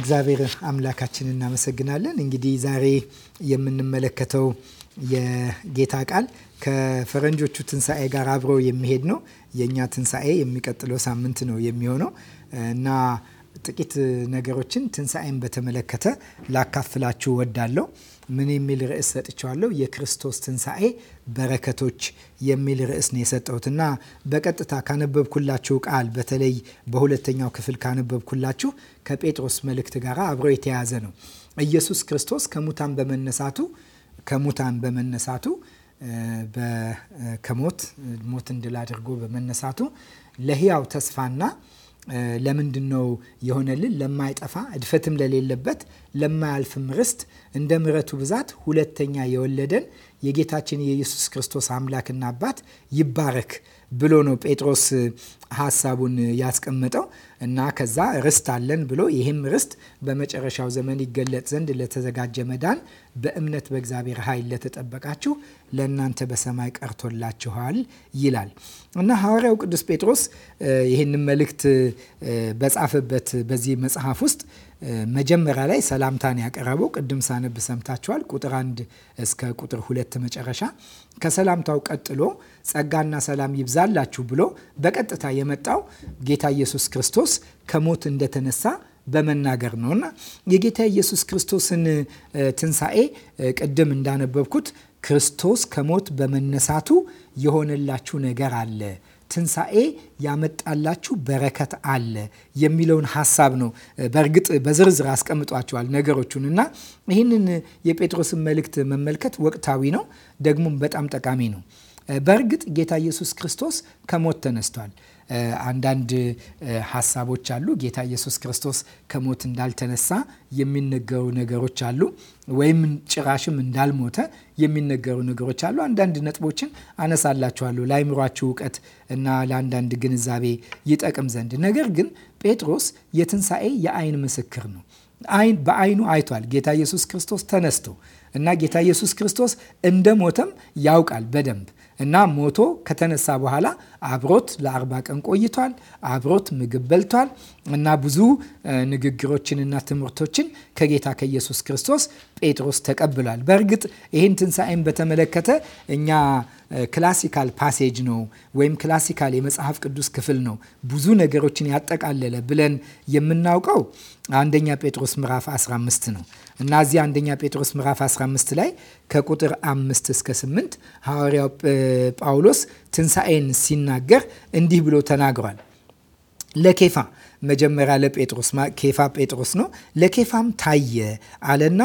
እግዚአብሔር አምላካችን እናመሰግናለን። እንግዲህ ዛሬ የምንመለከተው የጌታ ቃል ከፈረንጆቹ ትንሣኤ ጋር አብሮ የሚሄድ ነው። የእኛ ትንሣኤ የሚቀጥለው ሳምንት ነው የሚሆነው እና ጥቂት ነገሮችን ትንሣኤን በተመለከተ ላካፍላችሁ ወዳለሁ። ምን የሚል ርዕስ ሰጥቸዋለሁ? የክርስቶስ ትንሣኤ በረከቶች የሚል ርዕስ ነው የሰጠሁት እና በቀጥታ ካነበብኩላችሁ ቃል በተለይ በሁለተኛው ክፍል ካነበብኩላችሁ ከጴጥሮስ መልእክት ጋር አብሮ የተያያዘ ነው። ኢየሱስ ክርስቶስ ከሙታን በመነሳቱ ከሙታን በመነሳቱ ከሞት ሞትን ድል አድርጎ በመነሳቱ ለሕያው ተስፋና ለምንድን ነው የሆነልን? ለማይጠፋ እድፈትም ለሌለበት ለማያልፍም ርስት እንደ ምረቱ ብዛት ሁለተኛ የወለደን የጌታችን የኢየሱስ ክርስቶስ አምላክና አባት ይባረክ። ብሎ ነው ጴጥሮስ ሀሳቡን ያስቀመጠው እና ከዛ ርስት አለን ብሎ ይህም ርስት በመጨረሻው ዘመን ይገለጥ ዘንድ ለተዘጋጀ መዳን በእምነት በእግዚአብሔር ኃይል ለተጠበቃችሁ ለእናንተ በሰማይ ቀርቶላችኋል ይላል እና ሐዋርያው ቅዱስ ጴጥሮስ ይህንን መልእክት በጻፈበት በዚህ መጽሐፍ ውስጥ መጀመሪያ ላይ ሰላምታን ያቀረበው ቅድም ሳነብ ሰምታችኋል። ቁጥር አንድ እስከ ቁጥር ሁለት መጨረሻ ከሰላምታው ቀጥሎ ጸጋና ሰላም ይብዛላችሁ ብሎ በቀጥታ የመጣው ጌታ ኢየሱስ ክርስቶስ ከሞት እንደተነሳ በመናገር እና የጌታ ኢየሱስ ክርስቶስን ትንሣኤ ቅድም እንዳነበብኩት ክርስቶስ ከሞት በመነሳቱ የሆነላችሁ ነገር አለ ትንሣኤ ያመጣላችሁ በረከት አለ የሚለውን ሀሳብ ነው። በእርግጥ በዝርዝር አስቀምጧቸዋል ነገሮቹን እና ይህንን የጴጥሮስን መልእክት መመልከት ወቅታዊ ነው፣ ደግሞም በጣም ጠቃሚ ነው። በእርግጥ ጌታ ኢየሱስ ክርስቶስ ከሞት ተነስቷል። አንዳንድ ሀሳቦች አሉ። ጌታ ኢየሱስ ክርስቶስ ከሞት እንዳልተነሳ የሚነገሩ ነገሮች አሉ፣ ወይም ጭራሽም እንዳልሞተ የሚነገሩ ነገሮች አሉ። አንዳንድ ነጥቦችን አነሳላችኋለሁ ለአእምሯችሁ እውቀት እና ለአንዳንድ ግንዛቤ ይጠቅም ዘንድ። ነገር ግን ጴጥሮስ የትንሣኤ የአይን ምስክር ነው። አይን በአይኑ አይቷል ጌታ ኢየሱስ ክርስቶስ ተነስቶ እና ጌታ ኢየሱስ ክርስቶስ እንደሞተም ያውቃል በደንብ እና ሞቶ ከተነሳ በኋላ አብሮት ለአርባ ቀን ቆይቷል። አብሮት ምግብ በልቷል እና ብዙ ንግግሮችንና ትምህርቶችን ከጌታ ከኢየሱስ ክርስቶስ ጴጥሮስ ተቀብሏል። በእርግጥ ይህን ትንሣኤን በተመለከተ እኛ ክላሲካል ፓሴጅ ነው ወይም ክላሲካል የመጽሐፍ ቅዱስ ክፍል ነው ብዙ ነገሮችን ያጠቃለለ ብለን የምናውቀው አንደኛ ጴጥሮስ ምዕራፍ 15 ነው እና እዚህ አንደኛ ጴጥሮስ ምዕራፍ 15 ላይ ከቁጥር አምስት እስከ 8 ሐዋርያው ጳውሎስ ትንሣኤን ሲናገር እንዲህ ብሎ ተናግሯል። ለኬፋ መጀመሪያ ለጴጥሮስ ኬፋ ጴጥሮስ ነው። ለኬፋም ታየ አለና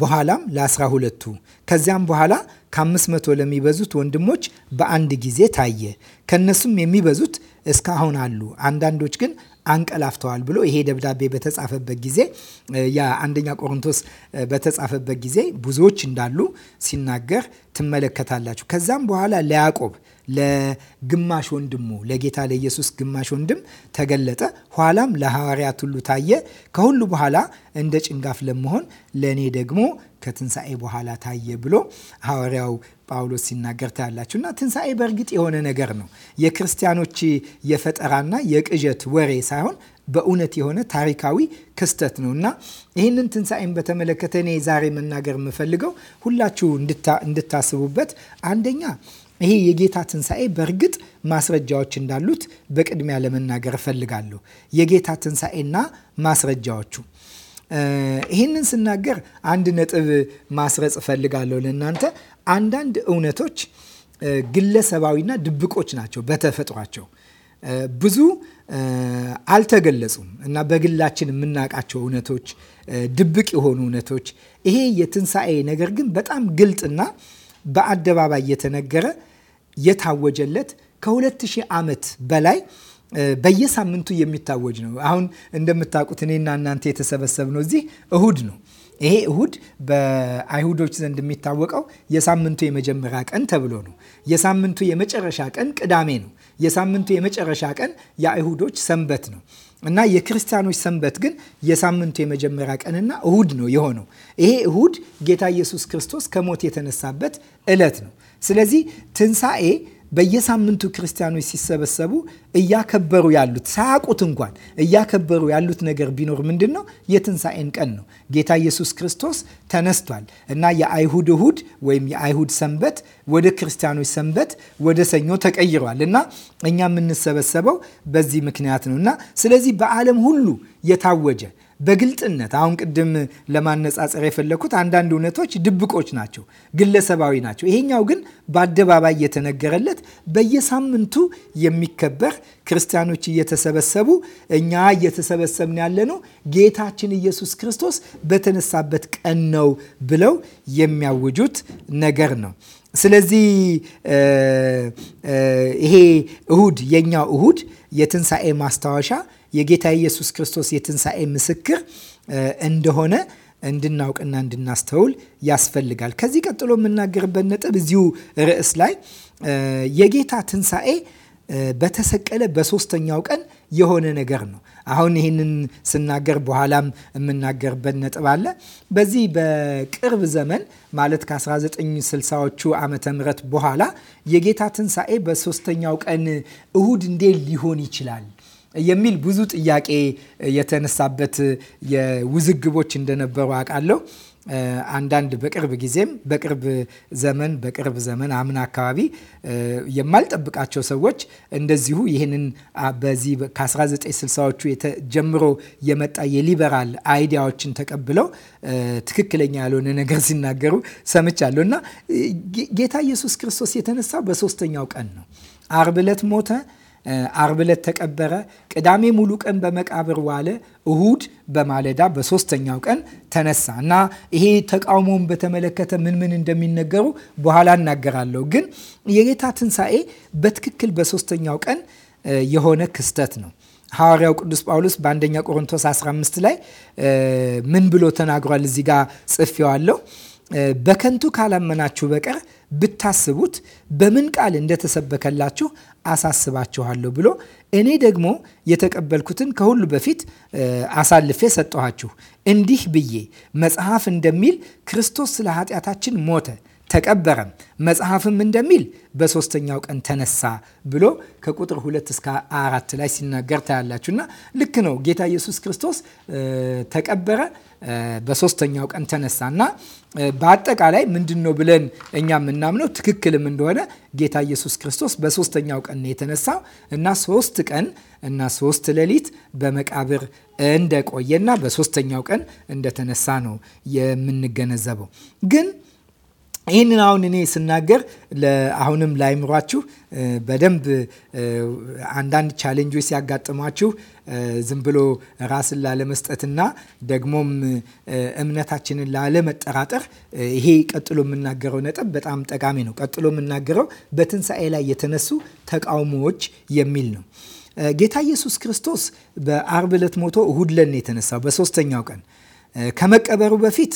በኋላም ለአስራ ሁለቱ ከዚያም በኋላ ከአምስት መቶ ለሚበዙት ወንድሞች በአንድ ጊዜ ታየ። ከነሱም የሚበዙት እስካሁን አሉ፣ አንዳንዶች ግን አንቀላፍተዋል ብሎ ይሄ ደብዳቤ በተጻፈበት ጊዜ የአንደኛ ቆሮንቶስ በተጻፈበት ጊዜ ብዙዎች እንዳሉ ሲናገር ትመለከታላችሁ። ከዛም በኋላ ለያዕቆብ ለግማሽ ወንድሙ ለጌታ ለኢየሱስ ግማሽ ወንድም ተገለጠ። ኋላም ለሐዋርያት ሁሉ ታየ። ከሁሉ በኋላ እንደ ጭንጋፍ ለመሆን ለእኔ ደግሞ ከትንሣኤ በኋላ ታየ ብሎ ሐዋርያው ጳውሎስ ሲናገር ታያላችሁ። እና ትንሣኤ በእርግጥ የሆነ ነገር ነው። የክርስቲያኖች የፈጠራና የቅዠት ወሬ ሳይሆን በእውነት የሆነ ታሪካዊ ክስተት ነው እና ይህንን ትንሣኤን በተመለከተ እኔ ዛሬ መናገር የምፈልገው ሁላችሁ እንድታስቡበት አንደኛ ይሄ የጌታ ትንሣኤ በእርግጥ ማስረጃዎች እንዳሉት በቅድሚያ ለመናገር እፈልጋለሁ። የጌታ ትንሣኤና ማስረጃዎቹ ይህንን ስናገር አንድ ነጥብ ማስረጽ እፈልጋለሁ ለእናንተ። አንዳንድ እውነቶች ግለሰባዊና ድብቆች ናቸው በተፈጥሯቸው ብዙ አልተገለጹም እና በግላችን የምናውቃቸው እውነቶች፣ ድብቅ የሆኑ እውነቶች። ይሄ የትንሣኤ ነገር ግን በጣም ግልጥና በአደባባይ የተነገረ የታወጀለት ከ2000 ዓመት በላይ በየሳምንቱ የሚታወጅ ነው። አሁን እንደምታውቁት እኔና እናንተ የተሰበሰብ ነው እዚህ እሁድ ነው። ይሄ እሁድ በአይሁዶች ዘንድ የሚታወቀው የሳምንቱ የመጀመሪያ ቀን ተብሎ ነው። የሳምንቱ የመጨረሻ ቀን ቅዳሜ ነው። የሳምንቱ የመጨረሻ ቀን የአይሁዶች ሰንበት ነው እና የክርስቲያኖች ሰንበት ግን የሳምንቱ የመጀመሪያ ቀንና እሁድ ነው የሆነው። ይሄ እሁድ ጌታ ኢየሱስ ክርስቶስ ከሞት የተነሳበት ዕለት ነው። ስለዚህ ትንሣኤ በየሳምንቱ ክርስቲያኖች ሲሰበሰቡ እያከበሩ ያሉት ሳያውቁት እንኳን እያከበሩ ያሉት ነገር ቢኖር ምንድን ነው? የትንሣኤን ቀን ነው። ጌታ ኢየሱስ ክርስቶስ ተነስቷል እና የአይሁድ እሁድ ወይም የአይሁድ ሰንበት ወደ ክርስቲያኖች ሰንበት ወደ ሰኞ ተቀይሯል እና እኛ የምንሰበሰበው በዚህ ምክንያት ነው እና ስለዚህ በዓለም ሁሉ የታወጀ በግልጥነት አሁን ቅድም ለማነጻጸር የፈለኩት አንዳንድ እውነቶች ድብቆች ናቸው፣ ግለሰባዊ ናቸው። ይሄኛው ግን በአደባባይ የተነገረለት በየሳምንቱ የሚከበር ክርስቲያኖች እየተሰበሰቡ እኛ እየተሰበሰብን ያለነው ጌታችን ኢየሱስ ክርስቶስ በተነሳበት ቀን ነው ብለው የሚያውጁት ነገር ነው። ስለዚህ ይሄ እሁድ የእኛው እሁድ የትንሣኤ ማስታወሻ የጌታ ኢየሱስ ክርስቶስ የትንሣኤ ምስክር እንደሆነ እንድናውቅና እንድናስተውል ያስፈልጋል። ከዚህ ቀጥሎ የምናገርበት ነጥብ እዚሁ ርዕስ ላይ የጌታ ትንሣኤ በተሰቀለ በሶስተኛው ቀን የሆነ ነገር ነው። አሁን ይህንን ስናገር በኋላም የምናገርበት ነጥብ አለ። በዚህ በቅርብ ዘመን ማለት ከ1960ዎቹ ዓመተ ምህረት በኋላ የጌታ ትንሣኤ በሶስተኛው ቀን እሁድ እንዴት ሊሆን ይችላል የሚል ብዙ ጥያቄ የተነሳበት የውዝግቦች እንደነበሩ አውቃለሁ። አንዳንድ በቅርብ ጊዜም በቅርብ ዘመን በቅርብ ዘመን አምና አካባቢ የማልጠብቃቸው ሰዎች እንደዚሁ ይህንን በዚህ ከ1960ዎቹ ጀምሮ የመጣ የሊበራል አይዲያዎችን ተቀብለው ትክክለኛ ያልሆነ ነገር ሲናገሩ ሰምቻለሁ እና ጌታ ኢየሱስ ክርስቶስ የተነሳው በሶስተኛው ቀን ነው። አርብ ዕለት ሞተ። አርብ ዕለት ተቀበረ። ቅዳሜ ሙሉ ቀን በመቃብር ዋለ። እሁድ በማለዳ በሶስተኛው ቀን ተነሳ እና ይሄ ተቃውሞውን በተመለከተ ምን ምን እንደሚነገሩ በኋላ እናገራለሁ። ግን የጌታ ትንሣኤ በትክክል በሶስተኛው ቀን የሆነ ክስተት ነው። ሐዋርያው ቅዱስ ጳውሎስ በአንደኛ ቆሮንቶስ 15 ላይ ምን ብሎ ተናግሯል? እዚህ ጋር ጽፌዋለሁ። በከንቱ ካላመናችሁ በቀር ብታስቡት በምን ቃል እንደተሰበከላችሁ አሳስባችኋለሁ ብሎ እኔ ደግሞ የተቀበልኩትን ከሁሉ በፊት አሳልፌ ሰጠኋችሁ። እንዲህ ብዬ መጽሐፍ እንደሚል ክርስቶስ ስለ ኃጢአታችን ሞተ ተቀበረም፣ መጽሐፍም እንደሚል በሶስተኛው ቀን ተነሳ ብሎ ከቁጥር ሁለት እስከ አራት ላይ ሲናገር ታያላችሁ። እና ልክ ነው ጌታ ኢየሱስ ክርስቶስ ተቀበረ በሶስተኛው ቀን ተነሳና በአጠቃላይ ምንድን ነው ብለን እኛ የምናምነው ትክክልም እንደሆነ ጌታ ኢየሱስ ክርስቶስ በሶስተኛው ቀን ነው የተነሳው እና ሶስት ቀን እና ሶስት ሌሊት በመቃብር እንደቆየና በሶስተኛው ቀን እንደተነሳ ነው የምንገነዘበው ግን ይህንን አሁን እኔ ስናገር አሁንም ላይምሯችሁ በደንብ አንዳንድ ቻሌንጆች ሲያጋጥሟችሁ ዝም ብሎ ራስን ላለመስጠትና ደግሞም እምነታችንን ላለመጠራጠር ይሄ ቀጥሎ የምናገረው ነጥብ በጣም ጠቃሚ ነው። ቀጥሎ የምናገረው በትንሣኤ ላይ የተነሱ ተቃውሞዎች የሚል ነው። ጌታ ኢየሱስ ክርስቶስ በአርብ ዕለት ሞቶ እሁድ ለን የተነሳው በሶስተኛው ቀን ከመቀበሩ በፊት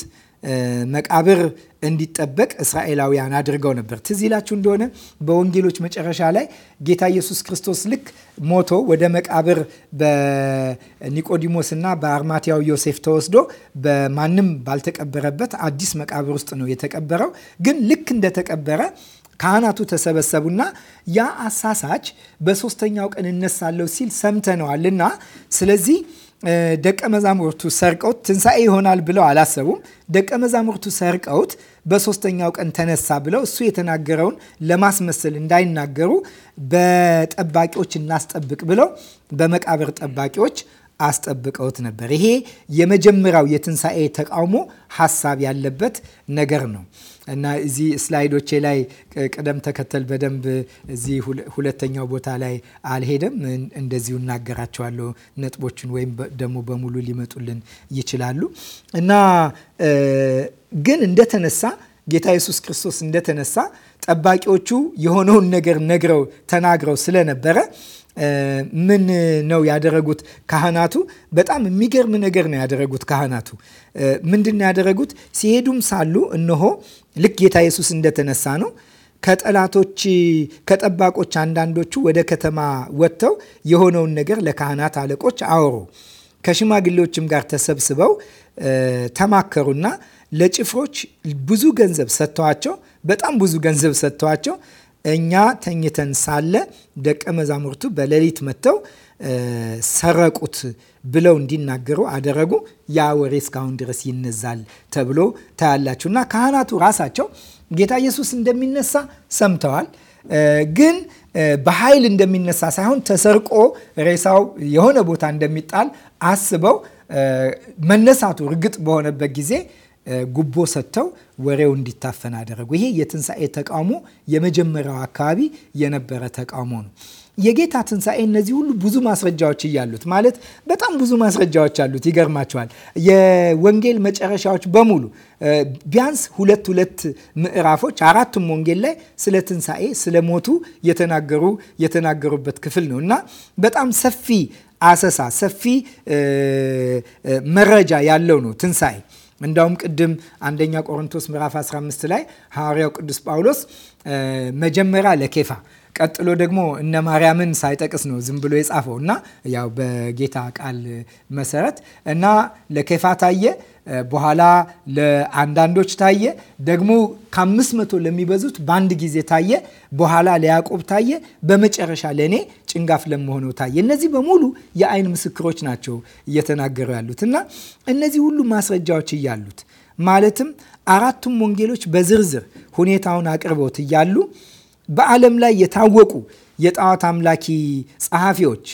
መቃብር እንዲጠበቅ እስራኤላውያን አድርገው ነበር። ትዝ ይላችሁ እንደሆነ በወንጌሎች መጨረሻ ላይ ጌታ ኢየሱስ ክርስቶስ ልክ ሞቶ ወደ መቃብር በኒቆዲሞስና በአርማትያው ዮሴፍ ተወስዶ በማንም ባልተቀበረበት አዲስ መቃብር ውስጥ ነው የተቀበረው። ግን ልክ እንደተቀበረ ካህናቱ ተሰበሰቡና ያ አሳሳች በሶስተኛው ቀን እነሳለሁ ሲል ሰምተነዋልና ስለዚህ ደቀ መዛሙርቱ ሰርቀውት ትንሣኤ ይሆናል ብለው አላሰቡም። ደቀ መዛሙርቱ ሰርቀውት በሶስተኛው ቀን ተነሳ ብለው እሱ የተናገረውን ለማስመሰል እንዳይናገሩ በጠባቂዎች እናስጠብቅ ብለው በመቃብር ጠባቂዎች አስጠብቀውት ነበር። ይሄ የመጀመሪያው የትንሣኤ ተቃውሞ ሀሳብ ያለበት ነገር ነው እና እዚህ ስላይዶቼ ላይ ቅደም ተከተል በደንብ እዚህ ሁለተኛው ቦታ ላይ አልሄደም። እንደዚሁ እናገራቸዋለሁ ነጥቦችን ወይም ደግሞ በሙሉ ሊመጡልን ይችላሉ እና ግን እንደተነሳ ጌታ ኢየሱስ ክርስቶስ እንደተነሳ ጠባቂዎቹ የሆነውን ነገር ነግረው ተናግረው ስለነበረ ምን ነው ያደረጉት? ካህናቱ በጣም የሚገርም ነገር ነው ያደረጉት። ካህናቱ ምንድን ነው ያደረጉት? ሲሄዱም ሳሉ እነሆ ልክ ጌታ ኢየሱስ እንደተነሳ ነው ከጠላቶች ከጠባቆች አንዳንዶቹ ወደ ከተማ ወጥተው የሆነውን ነገር ለካህናት አለቆች አወሩ። ከሽማግሌዎችም ጋር ተሰብስበው ተማከሩና ለጭፍሮች ብዙ ገንዘብ ሰጥተዋቸው በጣም ብዙ ገንዘብ ሰጥተዋቸው እኛ ተኝተን ሳለ ደቀ መዛሙርቱ በሌሊት መጥተው ሰረቁት ብለው እንዲናገሩ አደረጉ። ያ ወሬ እስካሁን ድረስ ይነዛል ተብሎ ታያላችሁ። እና ካህናቱ ራሳቸው ጌታ ኢየሱስ እንደሚነሳ ሰምተዋል ግን በኃይል እንደሚነሳ ሳይሆን ተሰርቆ ሬሳው የሆነ ቦታ እንደሚጣል አስበው መነሳቱ እርግጥ በሆነበት ጊዜ ጉቦ ሰጥተው ወሬው እንዲታፈን አደረጉ። ይሄ የትንሣኤ ተቃውሞ የመጀመሪያው አካባቢ የነበረ ተቃውሞ ነው። የጌታ ትንሣኤ እነዚህ ሁሉ ብዙ ማስረጃዎች እያሉት ማለት በጣም ብዙ ማስረጃዎች አሉት። ይገርማቸዋል። የወንጌል መጨረሻዎች በሙሉ ቢያንስ ሁለት ሁለት ምዕራፎች አራቱም ወንጌል ላይ ስለ ትንሣኤ ስለ ሞቱ የተናገሩ የተናገሩበት ክፍል ነው እና በጣም ሰፊ አሰሳ ሰፊ መረጃ ያለው ነው ትንሣኤ እንዳውም ቅድም አንደኛ ቆሮንቶስ ምዕራፍ 15 ላይ ሐዋርያው ቅዱስ ጳውሎስ መጀመሪያ ለኬፋ ቀጥሎ ደግሞ እነ ማርያምን ሳይጠቅስ ነው ዝም ብሎ የጻፈው እና ያው በጌታ ቃል መሰረት እና ለኬፋ ታየ፣ በኋላ ለአንዳንዶች ታየ፣ ደግሞ ከአምስት መቶ ለሚበዙት በአንድ ጊዜ ታየ፣ በኋላ ለያዕቆብ ታየ፣ በመጨረሻ ለእኔ ጭንጋፍ ለመሆነው ታየ። እነዚህ በሙሉ የአይን ምስክሮች ናቸው እየተናገሩ ያሉት እና እነዚህ ሁሉ ማስረጃዎች እያሉት ማለትም አራቱም ወንጌሎች በዝርዝር ሁኔታውን አቅርበውት እያሉ በዓለም ላይ የታወቁ የጣዖት አምላኪ ጸሐፊዎች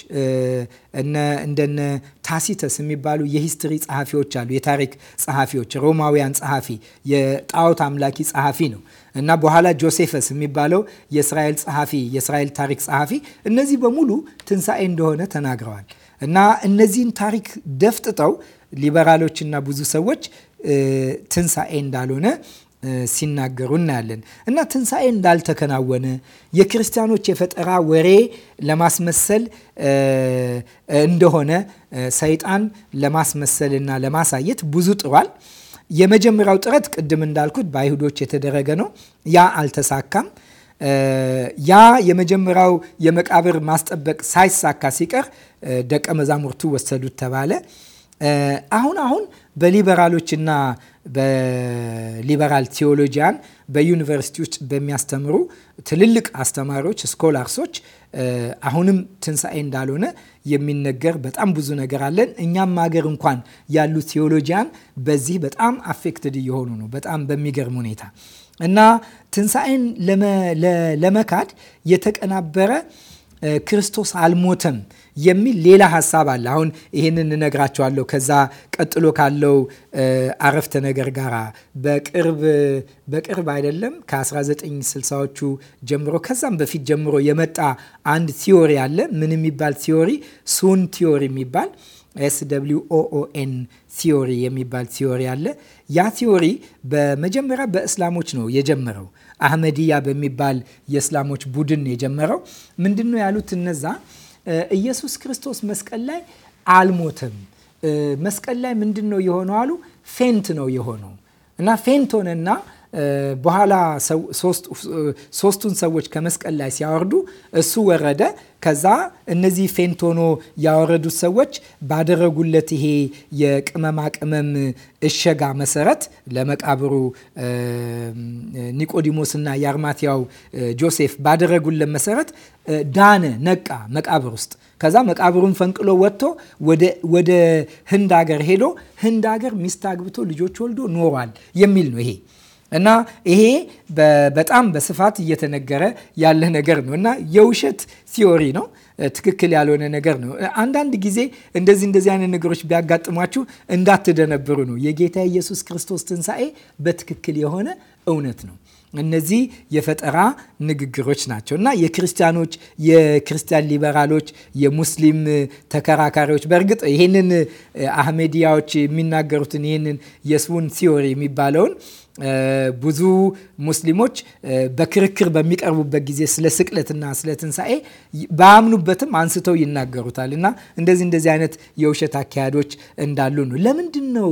እንደነ ታሲተስ የሚባሉ የሂስትሪ ጸሐፊዎች አሉ። የታሪክ ጸሐፊዎች፣ ሮማውያን ጸሐፊ የጣዖት አምላኪ ጸሐፊ ነው እና በኋላ ጆሴፈስ የሚባለው የእስራኤል ጸሐፊ፣ የእስራኤል ታሪክ ጸሐፊ እነዚህ በሙሉ ትንሣኤ እንደሆነ ተናግረዋል እና እነዚህን ታሪክ ደፍጥጠው ሊበራሎችና ብዙ ሰዎች ትንሣኤ እንዳልሆነ ሲናገሩ እናያለን እና ትንሣኤ እንዳልተከናወነ የክርስቲያኖች የፈጠራ ወሬ ለማስመሰል እንደሆነ ሰይጣን ለማስመሰልና ለማሳየት ብዙ ጥሯል። የመጀመሪያው ጥረት ቅድም እንዳልኩት በአይሁዶች የተደረገ ነው። ያ አልተሳካም። ያ የመጀመሪያው የመቃብር ማስጠበቅ ሳይሳካ ሲቀር ደቀ መዛሙርቱ ወሰዱት ተባለ። አሁን አሁን በሊበራሎችና በሊበራል ቴዎሎጂያን በዩኒቨርሲቲ ውስጥ በሚያስተምሩ ትልልቅ አስተማሪዎች ስኮላርሶች አሁንም ትንሣኤ እንዳልሆነ የሚነገር በጣም ብዙ ነገር አለን። እኛም ሀገር እንኳን ያሉ ቴዎሎጂያን በዚህ በጣም አፌክትድ እየሆኑ ነው፣ በጣም በሚገርም ሁኔታ እና ትንሣኤን ለመካድ የተቀናበረ ክርስቶስ አልሞተም የሚል ሌላ ሀሳብ አለ። አሁን ይህንን እነግራቸዋለሁ ከዛ ቀጥሎ ካለው አረፍተ ነገር ጋር በቅርብ በቅርብ አይደለም ከ1960ዎቹ ጀምሮ ከዛም በፊት ጀምሮ የመጣ አንድ ቲዮሪ አለ። ምን የሚባል ቲዮሪ? ሱን ቲዮሪ የሚባል ኤስ ደብሊው ኦ ኦ ኤን ቲዮሪ የሚባል ቲዮሪ አለ። ያ ቲዮሪ በመጀመሪያ በእስላሞች ነው የጀመረው። አህመድያ በሚባል የእስላሞች ቡድን የጀመረው ምንድን ነው ያሉት እነዛ ኢየሱስ ክርስቶስ መስቀል ላይ አልሞትም። መስቀል ላይ ምንድን ነው የሆነው አሉ? ፌንት ነው የሆነው እና ፌንት ሆነና በኋላ ሶስቱን ሰዎች ከመስቀል ላይ ሲያወርዱ እሱ ወረደ። ከዛ እነዚህ ፌንቶኖ ያወረዱት ሰዎች ባደረጉለት ይሄ የቅመማ ቅመም እሸጋ መሰረት ለመቃብሩ ኒቆዲሞስና የአርማትያው ጆሴፍ ባደረጉለት መሰረት ዳነ፣ ነቃ መቃብር ውስጥ ከዛ መቃብሩን ፈንቅሎ ወጥቶ ወደ ህንድ ሀገር ሄዶ ህንድ ሀገር ሚስት አግብቶ ልጆች ወልዶ ኖሯል የሚል ነው ይሄ እና ይሄ በጣም በስፋት እየተነገረ ያለ ነገር ነው እና የውሸት ቲዮሪ ነው። ትክክል ያልሆነ ነገር ነው። አንዳንድ ጊዜ እንደዚህ እንደዚህ አይነት ነገሮች ቢያጋጥሟችሁ እንዳትደነብሩ ነው። የጌታ ኢየሱስ ክርስቶስ ትንሣኤ በትክክል የሆነ እውነት ነው። እነዚህ የፈጠራ ንግግሮች ናቸው እና የክርስቲያኖች፣ የክርስቲያን ሊበራሎች፣ የሙስሊም ተከራካሪዎች በእርግጥ ይህንን አህሜዲያዎች የሚናገሩትን ይህንን የስውን ቲዮሪ የሚባለውን ብዙ ሙስሊሞች በክርክር በሚቀርቡበት ጊዜ ስለ ስቅለትና ስለ ትንሣኤ ባያምኑበትም አንስተው ይናገሩታል እና እንደዚህ እንደዚህ አይነት የውሸት አካሄዶች እንዳሉ ነው። ለምንድን ነው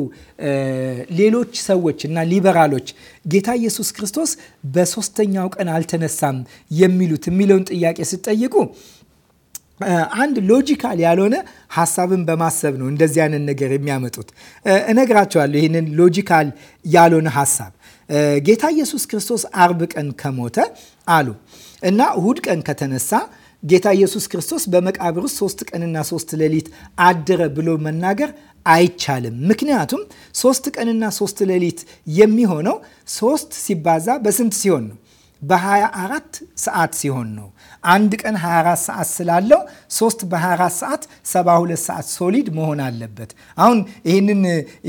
ሌሎች ሰዎች እና ሊበራሎች ጌታ ኢየሱስ ክርስቶስ በሶስተኛው ቀን አልተነሳም የሚሉት የሚለውን ጥያቄ ስትጠይቁ አንድ ሎጂካል ያልሆነ ሀሳብን በማሰብ ነው እንደዚህ አይነት ነገር የሚያመጡት። እነግራቸዋለሁ ይህንን ሎጂካል ያልሆነ ሀሳብ ጌታ ኢየሱስ ክርስቶስ አርብ ቀን ከሞተ አሉ እና እሁድ ቀን ከተነሳ ጌታ ኢየሱስ ክርስቶስ በመቃብር ውስጥ ሶስት ቀንና ሶስት ሌሊት አደረ ብሎ መናገር አይቻልም። ምክንያቱም ሶስት ቀንና ሶስት ሌሊት የሚሆነው ሶስት ሲባዛ በስንት ሲሆን ነው? በ24 ሰዓት ሲሆን ነው። አንድ ቀን 24 ሰዓት ስላለው 3 በ24 ሰዓት 72 ሰዓት ሶሊድ መሆን አለበት። አሁን ይህንን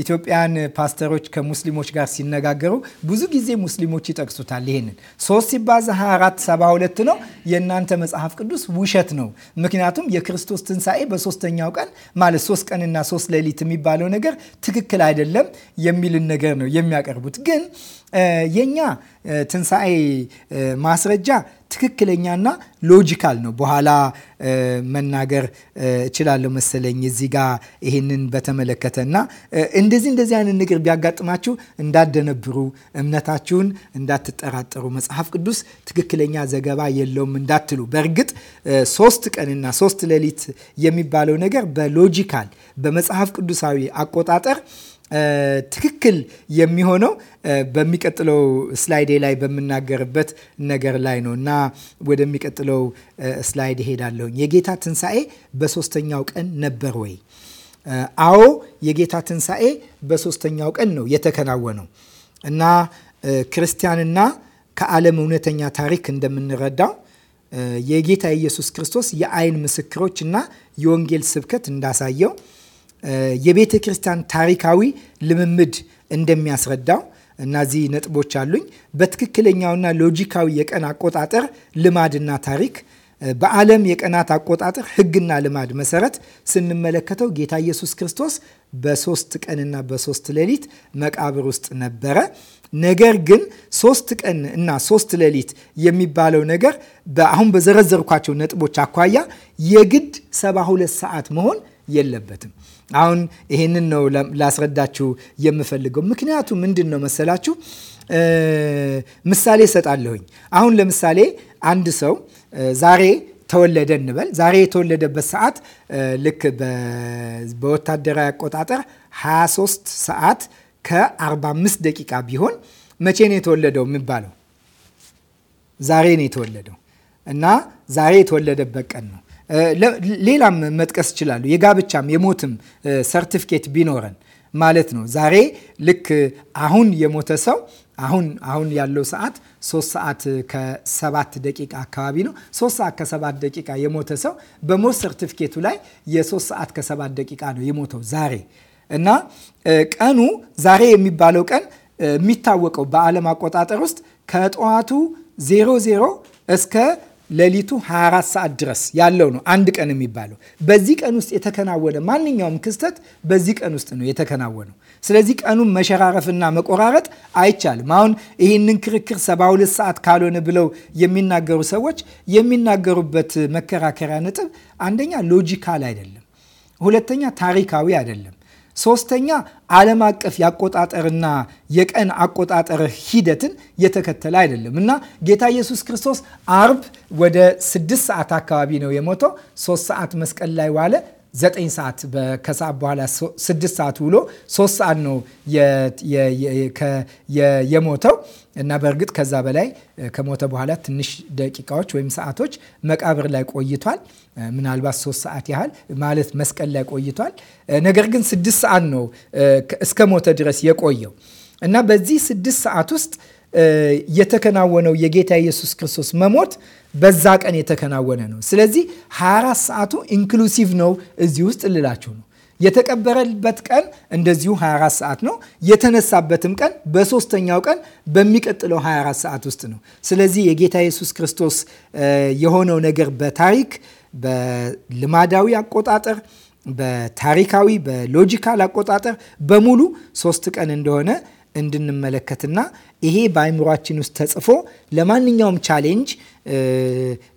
ኢትዮጵያን ፓስተሮች ከሙስሊሞች ጋር ሲነጋገሩ ብዙ ጊዜ ሙስሊሞች ይጠቅሱታል። ይህንን 3 ሲባዝ 24 72 ነው። የእናንተ መጽሐፍ ቅዱስ ውሸት ነው። ምክንያቱም የክርስቶስ ትንሣኤ በሶስተኛው ቀን ማለት ሶስት ቀንና ሶስት ሌሊት የሚባለው ነገር ትክክል አይደለም የሚልን ነገር ነው የሚያቀርቡት ግን የኛ ትንሣኤ ማስረጃ ትክክለኛና ሎጂካል ነው። በኋላ መናገር እችላለሁ መሰለኝ እዚህ ጋ ይህንን በተመለከተ እና እንደዚህ እንደዚህ አይነት ነገር ቢያጋጥማችሁ እንዳደነብሩ፣ እምነታችሁን እንዳትጠራጠሩ፣ መጽሐፍ ቅዱስ ትክክለኛ ዘገባ የለውም እንዳትሉ። በእርግጥ ሶስት ቀንና ሶስት ሌሊት የሚባለው ነገር በሎጂካል በመጽሐፍ ቅዱሳዊ አቆጣጠር ትክክል የሚሆነው በሚቀጥለው ስላይዴ ላይ በምናገርበት ነገር ላይ ነው እና ወደሚቀጥለው ስላይድ እሄዳለሁ። የጌታ ትንሣኤ በሶስተኛው ቀን ነበር ወይ? አዎ፣ የጌታ ትንሣኤ በሶስተኛው ቀን ነው የተከናወነው እና ክርስቲያንና ከዓለም እውነተኛ ታሪክ እንደምንረዳው የጌታ ኢየሱስ ክርስቶስ የአይን ምስክሮች እና የወንጌል ስብከት እንዳሳየው የቤተ ክርስቲያን ታሪካዊ ልምምድ እንደሚያስረዳው እናዚህ ነጥቦች አሉኝ። በትክክለኛውና ሎጂካዊ የቀን አቆጣጠር ልማድና ታሪክ በዓለም የቀናት አቆጣጠር ሕግና ልማድ መሰረት ስንመለከተው ጌታ ኢየሱስ ክርስቶስ በሶስት ቀንና በሶስት ሌሊት መቃብር ውስጥ ነበረ። ነገር ግን ሶስት ቀን እና ሶስት ሌሊት የሚባለው ነገር አሁን በዘረዘርኳቸው ነጥቦች አኳያ የግድ 72 ሰዓት መሆን የለበትም። አሁን ይሄንን ነው ላስረዳችሁ የምፈልገው። ምክንያቱ ምንድን ነው መሰላችሁ? ምሳሌ እሰጣለሁኝ። አሁን ለምሳሌ አንድ ሰው ዛሬ ተወለደ እንበል። ዛሬ የተወለደበት ሰዓት ልክ በወታደራዊ አቆጣጠር 23 ሰዓት ከ45 ደቂቃ ቢሆን መቼ ነው የተወለደው የሚባለው? ዛሬ ነው የተወለደው እና ዛሬ የተወለደበት ቀን ነው ሌላም መጥቀስ ይችላሉ። የጋብቻም የሞትም ሰርቲፊኬት ቢኖረን ማለት ነው። ዛሬ ልክ አሁን የሞተ ሰው አሁን አሁን ያለው ሰዓት ሶስት ሰዓት ከሰባት ደቂቃ አካባቢ ነው። ሶስት ሰዓት ከሰባት ደቂቃ የሞተ ሰው በሞት ሰርቲፊኬቱ ላይ የሶስት ሰዓት ከሰባት ደቂቃ ነው የሞተው ዛሬ እና ቀኑ ዛሬ የሚባለው ቀን የሚታወቀው በዓለም አቆጣጠር ውስጥ ከጠዋቱ ዜሮ ዜሮ እስከ ሌሊቱ 24 ሰዓት ድረስ ያለው ነው አንድ ቀን የሚባለው። በዚህ ቀን ውስጥ የተከናወነ ማንኛውም ክስተት በዚህ ቀን ውስጥ ነው የተከናወነው። ስለዚህ ቀኑን መሸራረፍና መቆራረጥ አይቻልም። አሁን ይህንን ክርክር 72 ሰዓት ካልሆነ ብለው የሚናገሩ ሰዎች የሚናገሩበት መከራከሪያ ነጥብ አንደኛ ሎጂካል አይደለም፣ ሁለተኛ ታሪካዊ አይደለም ሶስተኛ ዓለም አቀፍ የአቆጣጠርና የቀን አቆጣጠር ሂደትን የተከተለ አይደለም እና ጌታ ኢየሱስ ክርስቶስ አርብ ወደ ስድስት ሰዓት አካባቢ ነው የሞተው። ሶስት ሰዓት መስቀል ላይ ዋለ። ዘጠኝ ሰዓት ከሰዓት በኋላ ስድስት ሰዓት ውሎ ሶስት ሰዓት ነው የሞተው። እና በእርግጥ ከዛ በላይ ከሞተ በኋላ ትንሽ ደቂቃዎች ወይም ሰዓቶች መቃብር ላይ ቆይቷል። ምናልባት ሶስት ሰዓት ያህል ማለት መስቀል ላይ ቆይቷል። ነገር ግን ስድስት ሰዓት ነው እስከ ሞተ ድረስ የቆየው እና በዚህ ስድስት ሰዓት ውስጥ የተከናወነው የጌታ ኢየሱስ ክርስቶስ መሞት በዛ ቀን የተከናወነ ነው። ስለዚህ 24 ሰዓቱ ኢንክሉሲቭ ነው እዚህ ውስጥ ልላችሁ ነው። የተቀበረበት ቀን እንደዚሁ 24 ሰዓት ነው። የተነሳበትም ቀን በሶስተኛው ቀን በሚቀጥለው 24 ሰዓት ውስጥ ነው። ስለዚህ የጌታ ኢየሱስ ክርስቶስ የሆነው ነገር በታሪክ በልማዳዊ አቆጣጠር በታሪካዊ በሎጂካል አቆጣጠር በሙሉ ሶስት ቀን እንደሆነ እንድንመለከትና ይሄ በአይምሯችን ውስጥ ተጽፎ ለማንኛውም ቻሌንጅ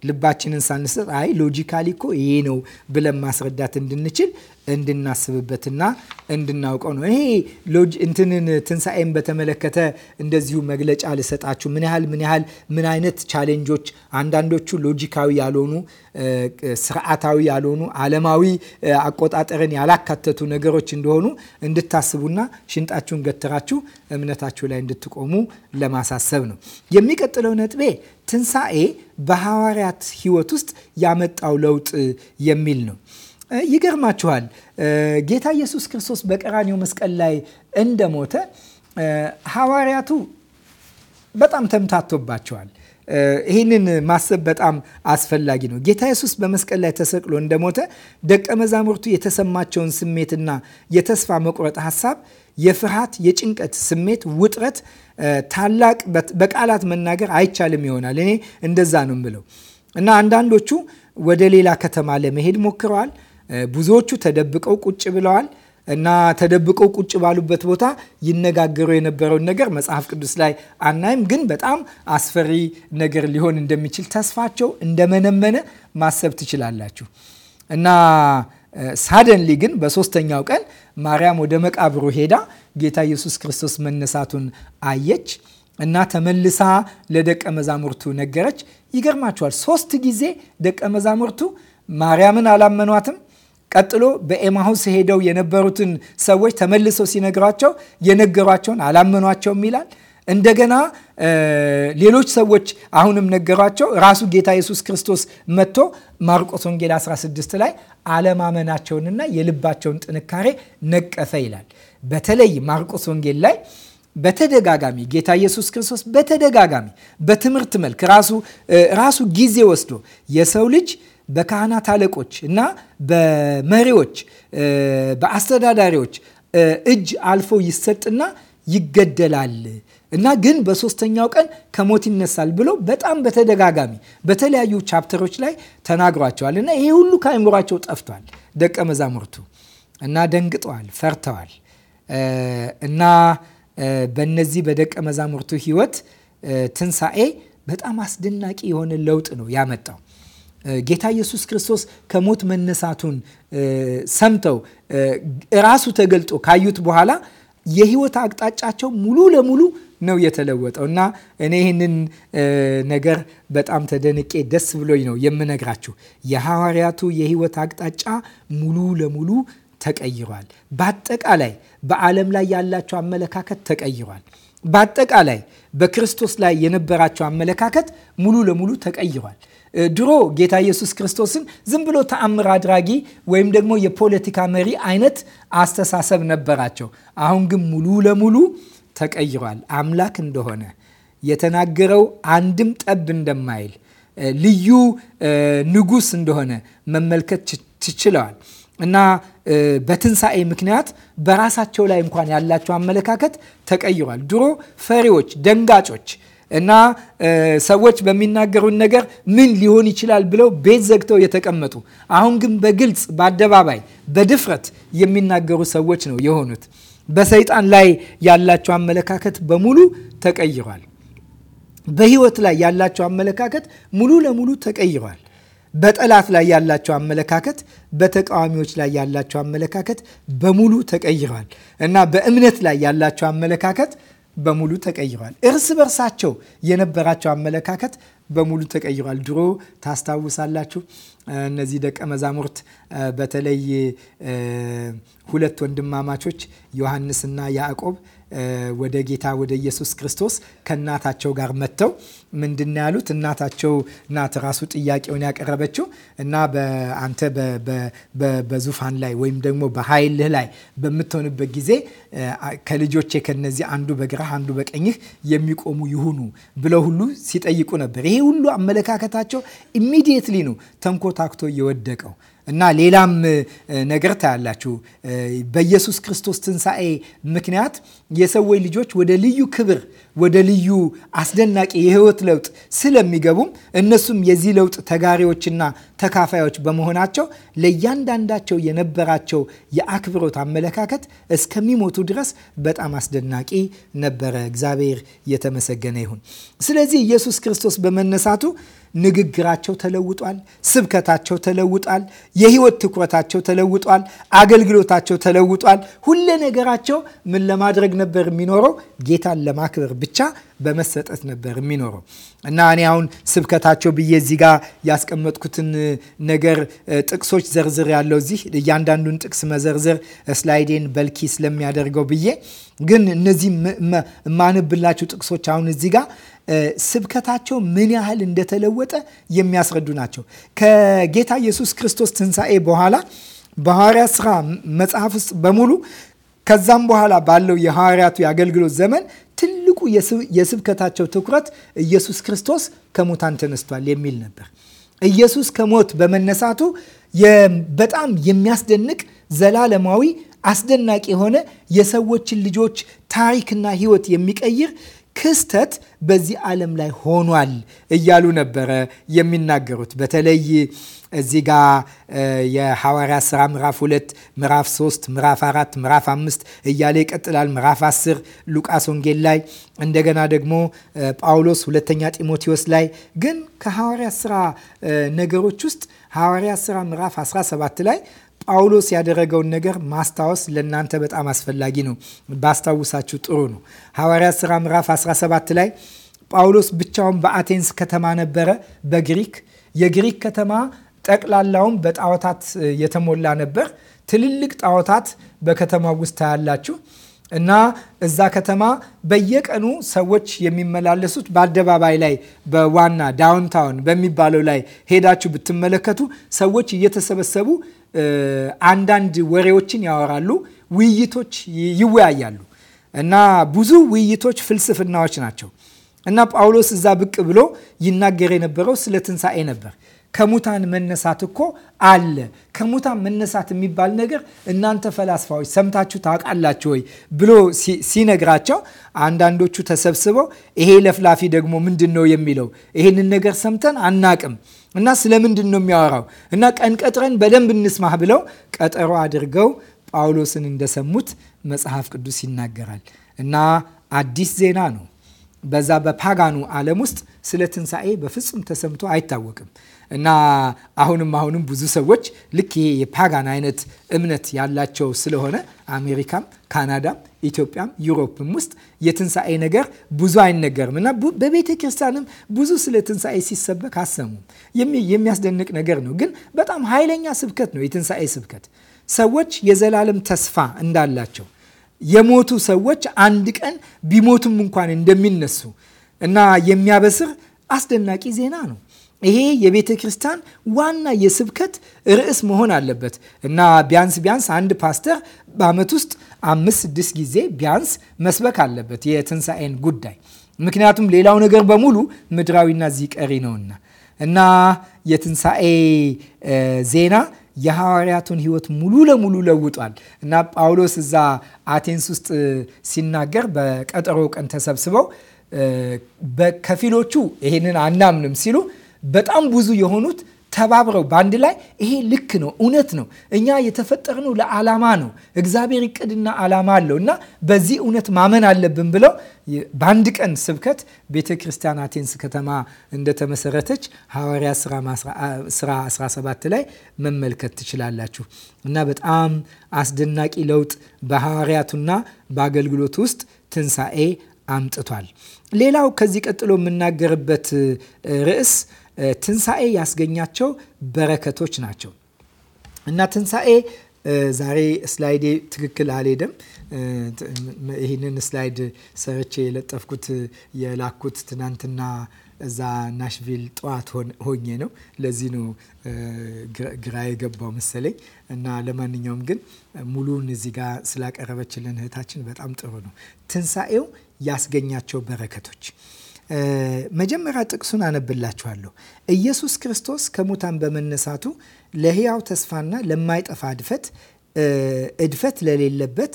ልባችንን ሳንሰጥ አይ ሎጂካሊ እኮ ይሄ ነው ብለን ማስረዳት እንድንችል እንድናስብበትና እንድናውቀው ነው። ይሄ ሎጅ እንትንን ትንሣኤን በተመለከተ እንደዚሁ መግለጫ ልሰጣችሁ። ምን ያህል ምን ያህል ምን አይነት ቻሌንጆች አንዳንዶቹ ሎጂካዊ ያልሆኑ ስርዓታዊ ያልሆኑ ዓለማዊ አቆጣጠርን ያላካተቱ ነገሮች እንደሆኑ እንድታስቡና ሽንጣችሁን ገትራችሁ እምነታችሁ ላይ እንድትቆሙ ለማሳሰብ ነው። የሚቀጥለው ነጥቤ ትንሣኤ በሐዋርያት ሕይወት ውስጥ ያመጣው ለውጥ የሚል ነው። ይገርማችኋል። ጌታ ኢየሱስ ክርስቶስ በቀራኒው መስቀል ላይ እንደሞተ ሐዋርያቱ በጣም ተምታቶባቸዋል። ይህንን ማሰብ በጣም አስፈላጊ ነው። ጌታ ኢየሱስ በመስቀል ላይ ተሰቅሎ እንደሞተ ደቀ መዛሙርቱ የተሰማቸውን ስሜትና የተስፋ መቁረጥ ሀሳብ፣ የፍርሃት፣ የጭንቀት ስሜት፣ ውጥረት፣ ታላቅ በቃላት መናገር አይቻልም ይሆናል። እኔ እንደዛ ነው ብለው እና አንዳንዶቹ ወደ ሌላ ከተማ ለመሄድ ሞክረዋል። ብዙዎቹ ተደብቀው ቁጭ ብለዋል እና ተደብቀው ቁጭ ባሉበት ቦታ ይነጋገሩ የነበረውን ነገር መጽሐፍ ቅዱስ ላይ አናይም። ግን በጣም አስፈሪ ነገር ሊሆን እንደሚችል ተስፋቸው እንደመነመነ ማሰብ ትችላላችሁ እና ሳደንሊ ግን በሶስተኛው ቀን ማርያም ወደ መቃብሩ ሄዳ ጌታ ኢየሱስ ክርስቶስ መነሳቱን አየች እና ተመልሳ ለደቀ መዛሙርቱ ነገረች። ይገርማችኋል፣ ሶስት ጊዜ ደቀ መዛሙርቱ ማርያምን አላመኗትም። ቀጥሎ በኤማሁስ ሄደው የነበሩትን ሰዎች ተመልሰው ሲነግሯቸው የነገሯቸውን አላመኗቸውም ይላል። እንደገና ሌሎች ሰዎች አሁንም ነገሯቸው። ራሱ ጌታ ኢየሱስ ክርስቶስ መጥቶ ማርቆስ ወንጌል 16 ላይ አለማመናቸውንና የልባቸውን ጥንካሬ ነቀፈ ይላል። በተለይ ማርቆስ ወንጌል ላይ በተደጋጋሚ ጌታ ኢየሱስ ክርስቶስ በተደጋጋሚ በትምህርት መልክ ራሱ ራሱ ጊዜ ወስዶ የሰው ልጅ በካህናት አለቆች እና በመሪዎች በአስተዳዳሪዎች እጅ አልፎ ይሰጥና ይገደላል እና ግን በሶስተኛው ቀን ከሞት ይነሳል ብሎ በጣም በተደጋጋሚ በተለያዩ ቻፕተሮች ላይ ተናግሯቸዋል። እና ይሄ ሁሉ ከአእምሯቸው ጠፍቷል ደቀ መዛሙርቱ እና ደንግጠዋል፣ ፈርተዋል። እና በነዚህ በደቀ መዛሙርቱ ህይወት ትንሣኤ በጣም አስደናቂ የሆነ ለውጥ ነው ያመጣው። ጌታ ኢየሱስ ክርስቶስ ከሞት መነሳቱን ሰምተው ራሱ ተገልጦ ካዩት በኋላ የህይወት አቅጣጫቸው ሙሉ ለሙሉ ነው የተለወጠው። እና እኔ ይህንን ነገር በጣም ተደንቄ ደስ ብሎኝ ነው የምነግራችሁ። የሐዋርያቱ የህይወት አቅጣጫ ሙሉ ለሙሉ ተቀይሯል። በአጠቃላይ በዓለም ላይ ያላቸው አመለካከት ተቀይሯል። በአጠቃላይ በክርስቶስ ላይ የነበራቸው አመለካከት ሙሉ ለሙሉ ተቀይሯል። ድሮ ጌታ ኢየሱስ ክርስቶስን ዝም ብሎ ተአምር አድራጊ ወይም ደግሞ የፖለቲካ መሪ አይነት አስተሳሰብ ነበራቸው። አሁን ግን ሙሉ ለሙሉ ተቀይሯል። አምላክ እንደሆነ የተናገረው አንድም ጠብ እንደማይል ልዩ ንጉስ እንደሆነ መመልከት ትችለዋል። እና በትንሣኤ ምክንያት በራሳቸው ላይ እንኳን ያላቸው አመለካከት ተቀይሯል። ድሮ ፈሪዎች፣ ደንጋጮች እና ሰዎች በሚናገሩን ነገር ምን ሊሆን ይችላል ብለው ቤት ዘግተው የተቀመጡ አሁን ግን በግልጽ በአደባባይ በድፍረት የሚናገሩ ሰዎች ነው የሆኑት። በሰይጣን ላይ ያላቸው አመለካከት በሙሉ ተቀይሯል። በህይወት ላይ ያላቸው አመለካከት ሙሉ ለሙሉ ተቀይሯል። በጠላት ላይ ያላቸው አመለካከት፣ በተቃዋሚዎች ላይ ያላቸው አመለካከት በሙሉ ተቀይሯል እና በእምነት ላይ ያላቸው አመለካከት በሙሉ ተቀይሯል። እርስ በርሳቸው የነበራቸው አመለካከት በሙሉ ተቀይሯል። ድሮ ታስታውሳላችሁ እነዚህ ደቀ መዛሙርት በተለይ ሁለት ወንድማማቾች ዮሐንስና ያዕቆብ ወደ ጌታ ወደ ኢየሱስ ክርስቶስ ከእናታቸው ጋር መጥተው ምንድን ያሉት እናታቸው ናት ራሱ ጥያቄውን ያቀረበችው እና አንተ በዙፋን ላይ ወይም ደግሞ በኃይልህ ላይ በምትሆንበት ጊዜ ከልጆቼ ከነዚህ አንዱ በግራህ አንዱ በቀኝህ የሚቆሙ ይሁኑ ብለው ሁሉ ሲጠይቁ ነበር። ይሄ ሁሉ አመለካከታቸው ኢሚዲየትሊ ነው ተንኮታክቶ የወደቀው። እና ሌላም ነገር ታያላችሁ። በኢየሱስ ክርስቶስ ትንሣኤ ምክንያት የሰዎች ልጆች ወደ ልዩ ክብር፣ ወደ ልዩ አስደናቂ የህይወት ለውጥ ስለሚገቡም እነሱም የዚህ ለውጥ ተጋሪዎችና ተካፋዮች በመሆናቸው ለእያንዳንዳቸው የነበራቸው የአክብሮት አመለካከት እስከሚሞቱ ድረስ በጣም አስደናቂ ነበረ። እግዚአብሔር የተመሰገነ ይሁን። ስለዚህ ኢየሱስ ክርስቶስ በመነሳቱ ንግግራቸው ተለውጧል። ስብከታቸው ተለውጧል። የህይወት ትኩረታቸው ተለውጧል። አገልግሎታቸው ተለውጧል። ሁለ ነገራቸው ምን ለማድረግ ነበር የሚኖረው? ጌታን ለማክበር ብቻ በመሰጠት ነበር የሚኖረው እና እኔ አሁን ስብከታቸው ብዬ እዚህ ጋር ያስቀመጥኩትን ነገር ጥቅሶች ዘርዝር ያለው እዚህ እያንዳንዱን ጥቅስ መዘርዝር ስላይዴን በልኪ ስለሚያደርገው ብዬ ግን እነዚህ ማንብላቸው ጥቅሶች አሁን እዚህ ጋር ስብከታቸው ምን ያህል እንደተለወጠ የሚያስረዱ ናቸው። ከጌታ ኢየሱስ ክርስቶስ ትንሣኤ በኋላ በሐዋርያት ሥራ መጽሐፍ ውስጥ በሙሉ ከዛም በኋላ ባለው የሐዋርያቱ የአገልግሎት ዘመን ትልቁ የስብከታቸው ትኩረት ኢየሱስ ክርስቶስ ከሙታን ተነስቷል የሚል ነበር። ኢየሱስ ከሞት በመነሳቱ በጣም የሚያስደንቅ ዘላለማዊ አስደናቂ የሆነ የሰዎችን ልጆች ታሪክና ሕይወት የሚቀይር ክስተት በዚህ ዓለም ላይ ሆኗል እያሉ ነበረ የሚናገሩት። በተለይ እዚህ ጋ የሐዋርያ ስራ ምዕራፍ 2 ምዕራፍ 3 ምዕራፍ 4 ምዕራፍ 5 እያለ ይቀጥላል። ምዕራፍ 10 ሉቃስ ወንጌል ላይ እንደገና ደግሞ ጳውሎስ ሁለተኛ ጢሞቴዎስ ላይ ግን ከሐዋርያ ስራ ነገሮች ውስጥ ሐዋርያ ስራ ምዕራፍ 17 ላይ ጳውሎስ ያደረገውን ነገር ማስታወስ ለእናንተ በጣም አስፈላጊ ነው። ባስታውሳችሁ ጥሩ ነው። ሐዋርያ ሥራ ምዕራፍ 17 ላይ ጳውሎስ ብቻውን በአቴንስ ከተማ ነበረ። በግሪክ የግሪክ ከተማ ጠቅላላውም በጣዖታት የተሞላ ነበር። ትልልቅ ጣዖታት በከተማ ውስጥ ታያላችሁ። እና እዛ ከተማ በየቀኑ ሰዎች የሚመላለሱት በአደባባይ ላይ በዋና ዳውንታውን በሚባለው ላይ ሄዳችሁ ብትመለከቱ ሰዎች እየተሰበሰቡ አንዳንድ ወሬዎችን ያወራሉ፣ ውይይቶች ይወያያሉ እና ብዙ ውይይቶች ፍልስፍናዎች ናቸው እና ጳውሎስ እዛ ብቅ ብሎ ይናገር የነበረው ስለ ትንሣኤ ነበር። ከሙታን መነሳት እኮ አለ። ከሙታን መነሳት የሚባል ነገር እናንተ ፈላስፋዎች ሰምታችሁ ታውቃላችሁ ወይ ብሎ ሲነግራቸው አንዳንዶቹ ተሰብስበው ይሄ ለፍላፊ ደግሞ ምንድን ነው የሚለው ይሄንን ነገር ሰምተን አናቅም እና ስለምንድን ነው የሚያወራው? እና ቀን ቀጥረን በደንብ እንስማህ ብለው ቀጠሮ አድርገው ጳውሎስን እንደሰሙት መጽሐፍ ቅዱስ ይናገራል። እና አዲስ ዜና ነው። በዛ በፓጋኑ ዓለም ውስጥ ስለ ትንሣኤ በፍጹም ተሰምቶ አይታወቅም። እና አሁንም አሁንም ብዙ ሰዎች ልክ ይሄ የፓጋን አይነት እምነት ያላቸው ስለሆነ አሜሪካም፣ ካናዳም፣ ኢትዮጵያም ዩሮፕም ውስጥ የትንሣኤ ነገር ብዙ አይነገርም እና በቤተ ክርስቲያንም ብዙ ስለ ትንሣኤ ሲሰበክ አሰሙም። የሚያስደንቅ ነገር ነው። ግን በጣም ኃይለኛ ስብከት ነው የትንሣኤ ስብከት። ሰዎች የዘላለም ተስፋ እንዳላቸው የሞቱ ሰዎች አንድ ቀን ቢሞቱም እንኳን እንደሚነሱ እና የሚያበስር አስደናቂ ዜና ነው። ይሄ የቤተ ክርስቲያን ዋና የስብከት ርዕስ መሆን አለበት እና ቢያንስ ቢያንስ አንድ ፓስተር በዓመት ውስጥ አምስት ስድስት ጊዜ ቢያንስ መስበክ አለበት የትንሣኤን ጉዳይ። ምክንያቱም ሌላው ነገር በሙሉ ምድራዊና እዚህ ቀሪ ነውና እና የትንሣኤ ዜና የሐዋርያቱን ሕይወት ሙሉ ለሙሉ ለውጧል እና ጳውሎስ እዛ አቴንስ ውስጥ ሲናገር በቀጠሮ ቀን ተሰብስበው ከፊሎቹ ይሄንን አናምንም ሲሉ በጣም ብዙ የሆኑት ተባብረው በአንድ ላይ ይሄ ልክ ነው፣ እውነት ነው፣ እኛ የተፈጠርነው ለዓላማ ነው፣ እግዚአብሔር እቅድና ዓላማ አለው እና በዚህ እውነት ማመን አለብን ብለው በአንድ ቀን ስብከት ቤተ ክርስቲያን አቴንስ ከተማ እንደተመሰረተች ሐዋርያ ስራ 17 ላይ መመልከት ትችላላችሁ። እና በጣም አስደናቂ ለውጥ በሐዋርያቱና በአገልግሎት ውስጥ ትንሣኤ አምጥቷል። ሌላው ከዚህ ቀጥሎ የምናገርበት ርዕስ ትንሣኤ ያስገኛቸው በረከቶች ናቸው እና ትንሣኤ ዛሬ ስላይዴ ትክክል አልሄደም። ይህንን ስላይድ ሰርቼ የለጠፍኩት የላኩት ትናንትና እዛ ናሽቪል ጠዋት ሆኜ ነው። ለዚህ ነው ግራ የገባው መሰለኝ። እና ለማንኛውም ግን ሙሉን እዚህ ጋር ስላቀረበችልን እህታችን በጣም ጥሩ ነው። ትንሣኤው ያስገኛቸው በረከቶች መጀመሪያ ጥቅሱን አነብላችኋለሁ። ኢየሱስ ክርስቶስ ከሙታን በመነሳቱ ለሕያው ተስፋና ለማይጠፋ እድፈት እድፈት ለሌለበት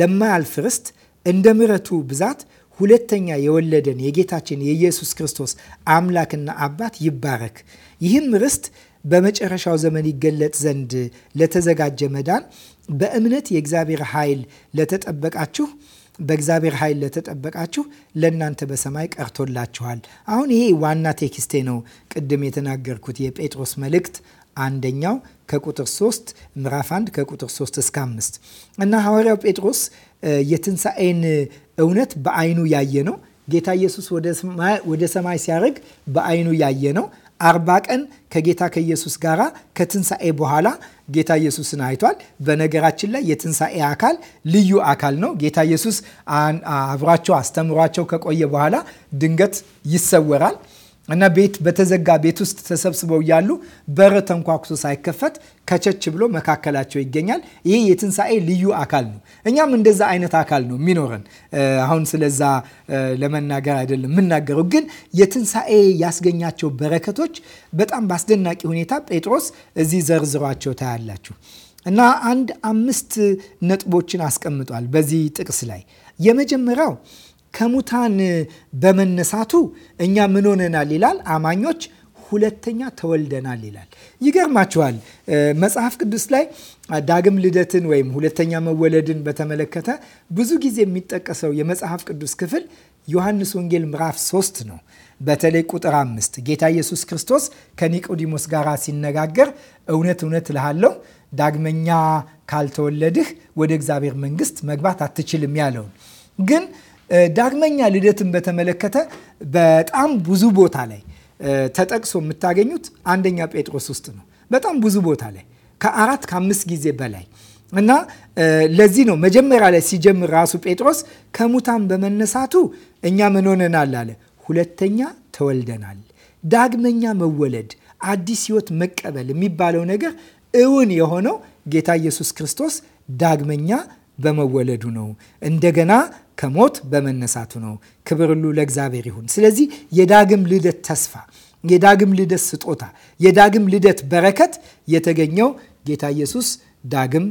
ለማያልፍ ርስት እንደ ምረቱ ብዛት ሁለተኛ የወለደን የጌታችን የኢየሱስ ክርስቶስ አምላክና አባት ይባረክ። ይህም ርስት በመጨረሻው ዘመን ይገለጥ ዘንድ ለተዘጋጀ መዳን በእምነት የእግዚአብሔር ኃይል ለተጠበቃችሁ በእግዚአብሔር ኃይል ለተጠበቃችሁ ለእናንተ በሰማይ ቀርቶላችኋል። አሁን ይሄ ዋና ቴክስቴ ነው። ቅድም የተናገርኩት የጴጥሮስ መልእክት አንደኛው ከቁጥር 3 ምዕራፍ 1 ከቁጥር 3 እስከ 5 እና ሐዋርያው ጴጥሮስ የትንሣኤን እውነት በአይኑ ያየ ነው። ጌታ ኢየሱስ ወደ ሰማይ ሲያደርግ በአይኑ ያየ ነው። አርባ ቀን ከጌታ ከኢየሱስ ጋር ከትንሣኤ በኋላ ጌታ ኢየሱስን አይቷል። በነገራችን ላይ የትንሣኤ አካል ልዩ አካል ነው። ጌታ ኢየሱስ አብሯቸው አስተምሯቸው ከቆየ በኋላ ድንገት ይሰወራል። እና ቤት በተዘጋ ቤት ውስጥ ተሰብስበው ያሉ በር ተንኳኩሶ ሳይከፈት ከቸች ብሎ መካከላቸው ይገኛል። ይህ የትንሣኤ ልዩ አካል ነው። እኛም እንደዛ አይነት አካል ነው የሚኖረን። አሁን ስለዛ ለመናገር አይደለም የምናገረው፣ ግን የትንሣኤ ያስገኛቸው በረከቶች በጣም በአስደናቂ ሁኔታ ጴጥሮስ እዚህ ዘርዝሯቸው ታያላችሁ። እና አንድ አምስት ነጥቦችን አስቀምጧል በዚህ ጥቅስ ላይ የመጀመሪያው ከሙታን በመነሳቱ እኛ ምን ሆነናል ይላል አማኞች ሁለተኛ ተወልደናል ይላል። ይገርማችኋል መጽሐፍ ቅዱስ ላይ ዳግም ልደትን ወይም ሁለተኛ መወለድን በተመለከተ ብዙ ጊዜ የሚጠቀሰው የመጽሐፍ ቅዱስ ክፍል ዮሐንስ ወንጌል ምዕራፍ 3 ነው። በተለይ ቁጥር አምስት ጌታ ኢየሱስ ክርስቶስ ከኒቆዲሞስ ጋር ሲነጋገር እውነት እውነት እልሃለሁ ዳግመኛ ካልተወለድህ ወደ እግዚአብሔር መንግስት መግባት አትችልም ያለውን ግን ዳግመኛ ልደትን በተመለከተ በጣም ብዙ ቦታ ላይ ተጠቅሶ የምታገኙት አንደኛ ጴጥሮስ ውስጥ ነው። በጣም ብዙ ቦታ ላይ ከአራት ከአምስት ጊዜ በላይ እና ለዚህ ነው መጀመሪያ ላይ ሲጀምር ራሱ ጴጥሮስ ከሙታን በመነሳቱ እኛ ምን ሆነናል አለ። ሁለተኛ ተወልደናል። ዳግመኛ መወለድ፣ አዲስ ህይወት መቀበል የሚባለው ነገር እውን የሆነው ጌታ ኢየሱስ ክርስቶስ ዳግመኛ በመወለዱ ነው። እንደገና ከሞት በመነሳቱ ነው። ክብር ሁሉ ለእግዚአብሔር ይሁን። ስለዚህ የዳግም ልደት ተስፋ፣ የዳግም ልደት ስጦታ፣ የዳግም ልደት በረከት የተገኘው ጌታ ኢየሱስ ዳግም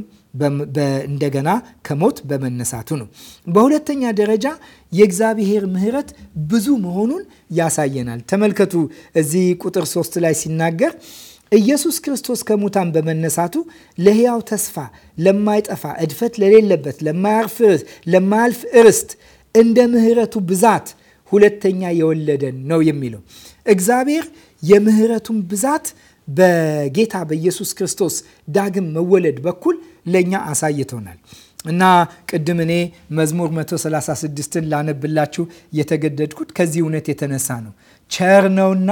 እንደገና ከሞት በመነሳቱ ነው። በሁለተኛ ደረጃ የእግዚአብሔር ምሕረት ብዙ መሆኑን ያሳየናል። ተመልከቱ እዚህ ቁጥር ሶስት ላይ ሲናገር ኢየሱስ ክርስቶስ ከሙታን በመነሳቱ ለሕያው ተስፋ፣ ለማይጠፋ እድፈት ለሌለበት ለማያልፍ እርስት እንደ ምሕረቱ ብዛት ሁለተኛ የወለደን ነው የሚለው እግዚአብሔር የምሕረቱን ብዛት በጌታ በኢየሱስ ክርስቶስ ዳግም መወለድ በኩል ለእኛ አሳይቶናል። እና ቅድም እኔ መዝሙር 136ን ላነብላችሁ የተገደድኩት ከዚህ እውነት የተነሳ ነው። ቸር ነውና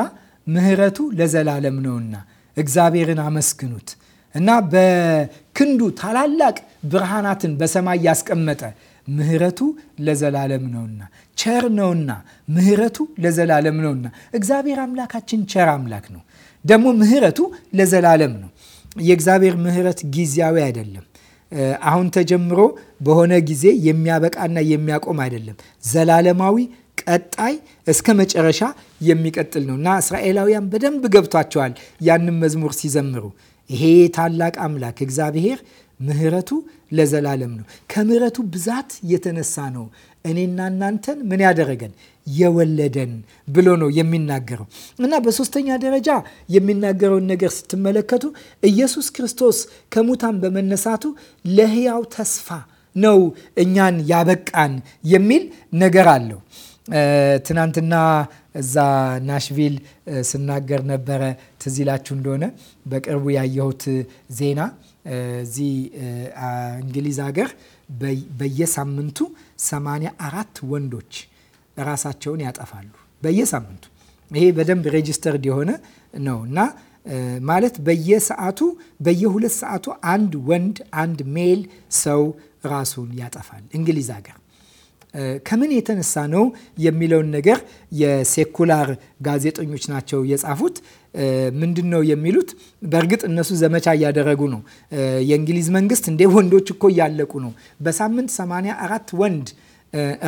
ምሕረቱ ለዘላለም ነውና እግዚአብሔርን አመስግኑት እና በክንዱ ታላላቅ ብርሃናትን በሰማይ ያስቀመጠ ምሕረቱ ለዘላለም ነውና ቸር ነውና ምሕረቱ ለዘላለም ነውና። እግዚአብሔር አምላካችን ቸር አምላክ ነው። ደግሞ ምሕረቱ ለዘላለም ነው። የእግዚአብሔር ምሕረት ጊዜያዊ አይደለም። አሁን ተጀምሮ በሆነ ጊዜ የሚያበቃና የሚያቆም አይደለም። ዘላለማዊ ቀጣይ እስከ መጨረሻ የሚቀጥል ነው እና እስራኤላውያን በደንብ ገብቷቸዋል። ያንም መዝሙር ሲዘምሩ ይሄ ታላቅ አምላክ እግዚአብሔር ምሕረቱ ለዘላለም ነው። ከምሕረቱ ብዛት የተነሳ ነው እኔና እናንተን ምን ያደረገን የወለደን ብሎ ነው የሚናገረው እና በሶስተኛ ደረጃ የሚናገረውን ነገር ስትመለከቱ ኢየሱስ ክርስቶስ ከሙታን በመነሳቱ ለሕያው ተስፋ ነው እኛን ያበቃን የሚል ነገር አለው። ትናንትና እዛ ናሽቪል ስናገር ነበረ። ትዝ ይላችሁ እንደሆነ በቅርቡ ያየሁት ዜና እዚህ እንግሊዝ ሀገር በየሳምንቱ 84 አራት ወንዶች ራሳቸውን ያጠፋሉ። በየሳምንቱ ይሄ በደንብ ሬጂስተርድ የሆነ ነው እና ማለት በየሰዓቱ በየሁለት ሰዓቱ አንድ ወንድ አንድ ሜል ሰው ራሱን ያጠፋል እንግሊዝ ሀገር ከምን የተነሳ ነው የሚለውን ነገር የሴኩላር ጋዜጠኞች ናቸው የጻፉት። ምንድን ነው የሚሉት? በእርግጥ እነሱ ዘመቻ እያደረጉ ነው። የእንግሊዝ መንግስት እንዴ ወንዶች እኮ እያለቁ ነው፣ በሳምንት 84 ወንድ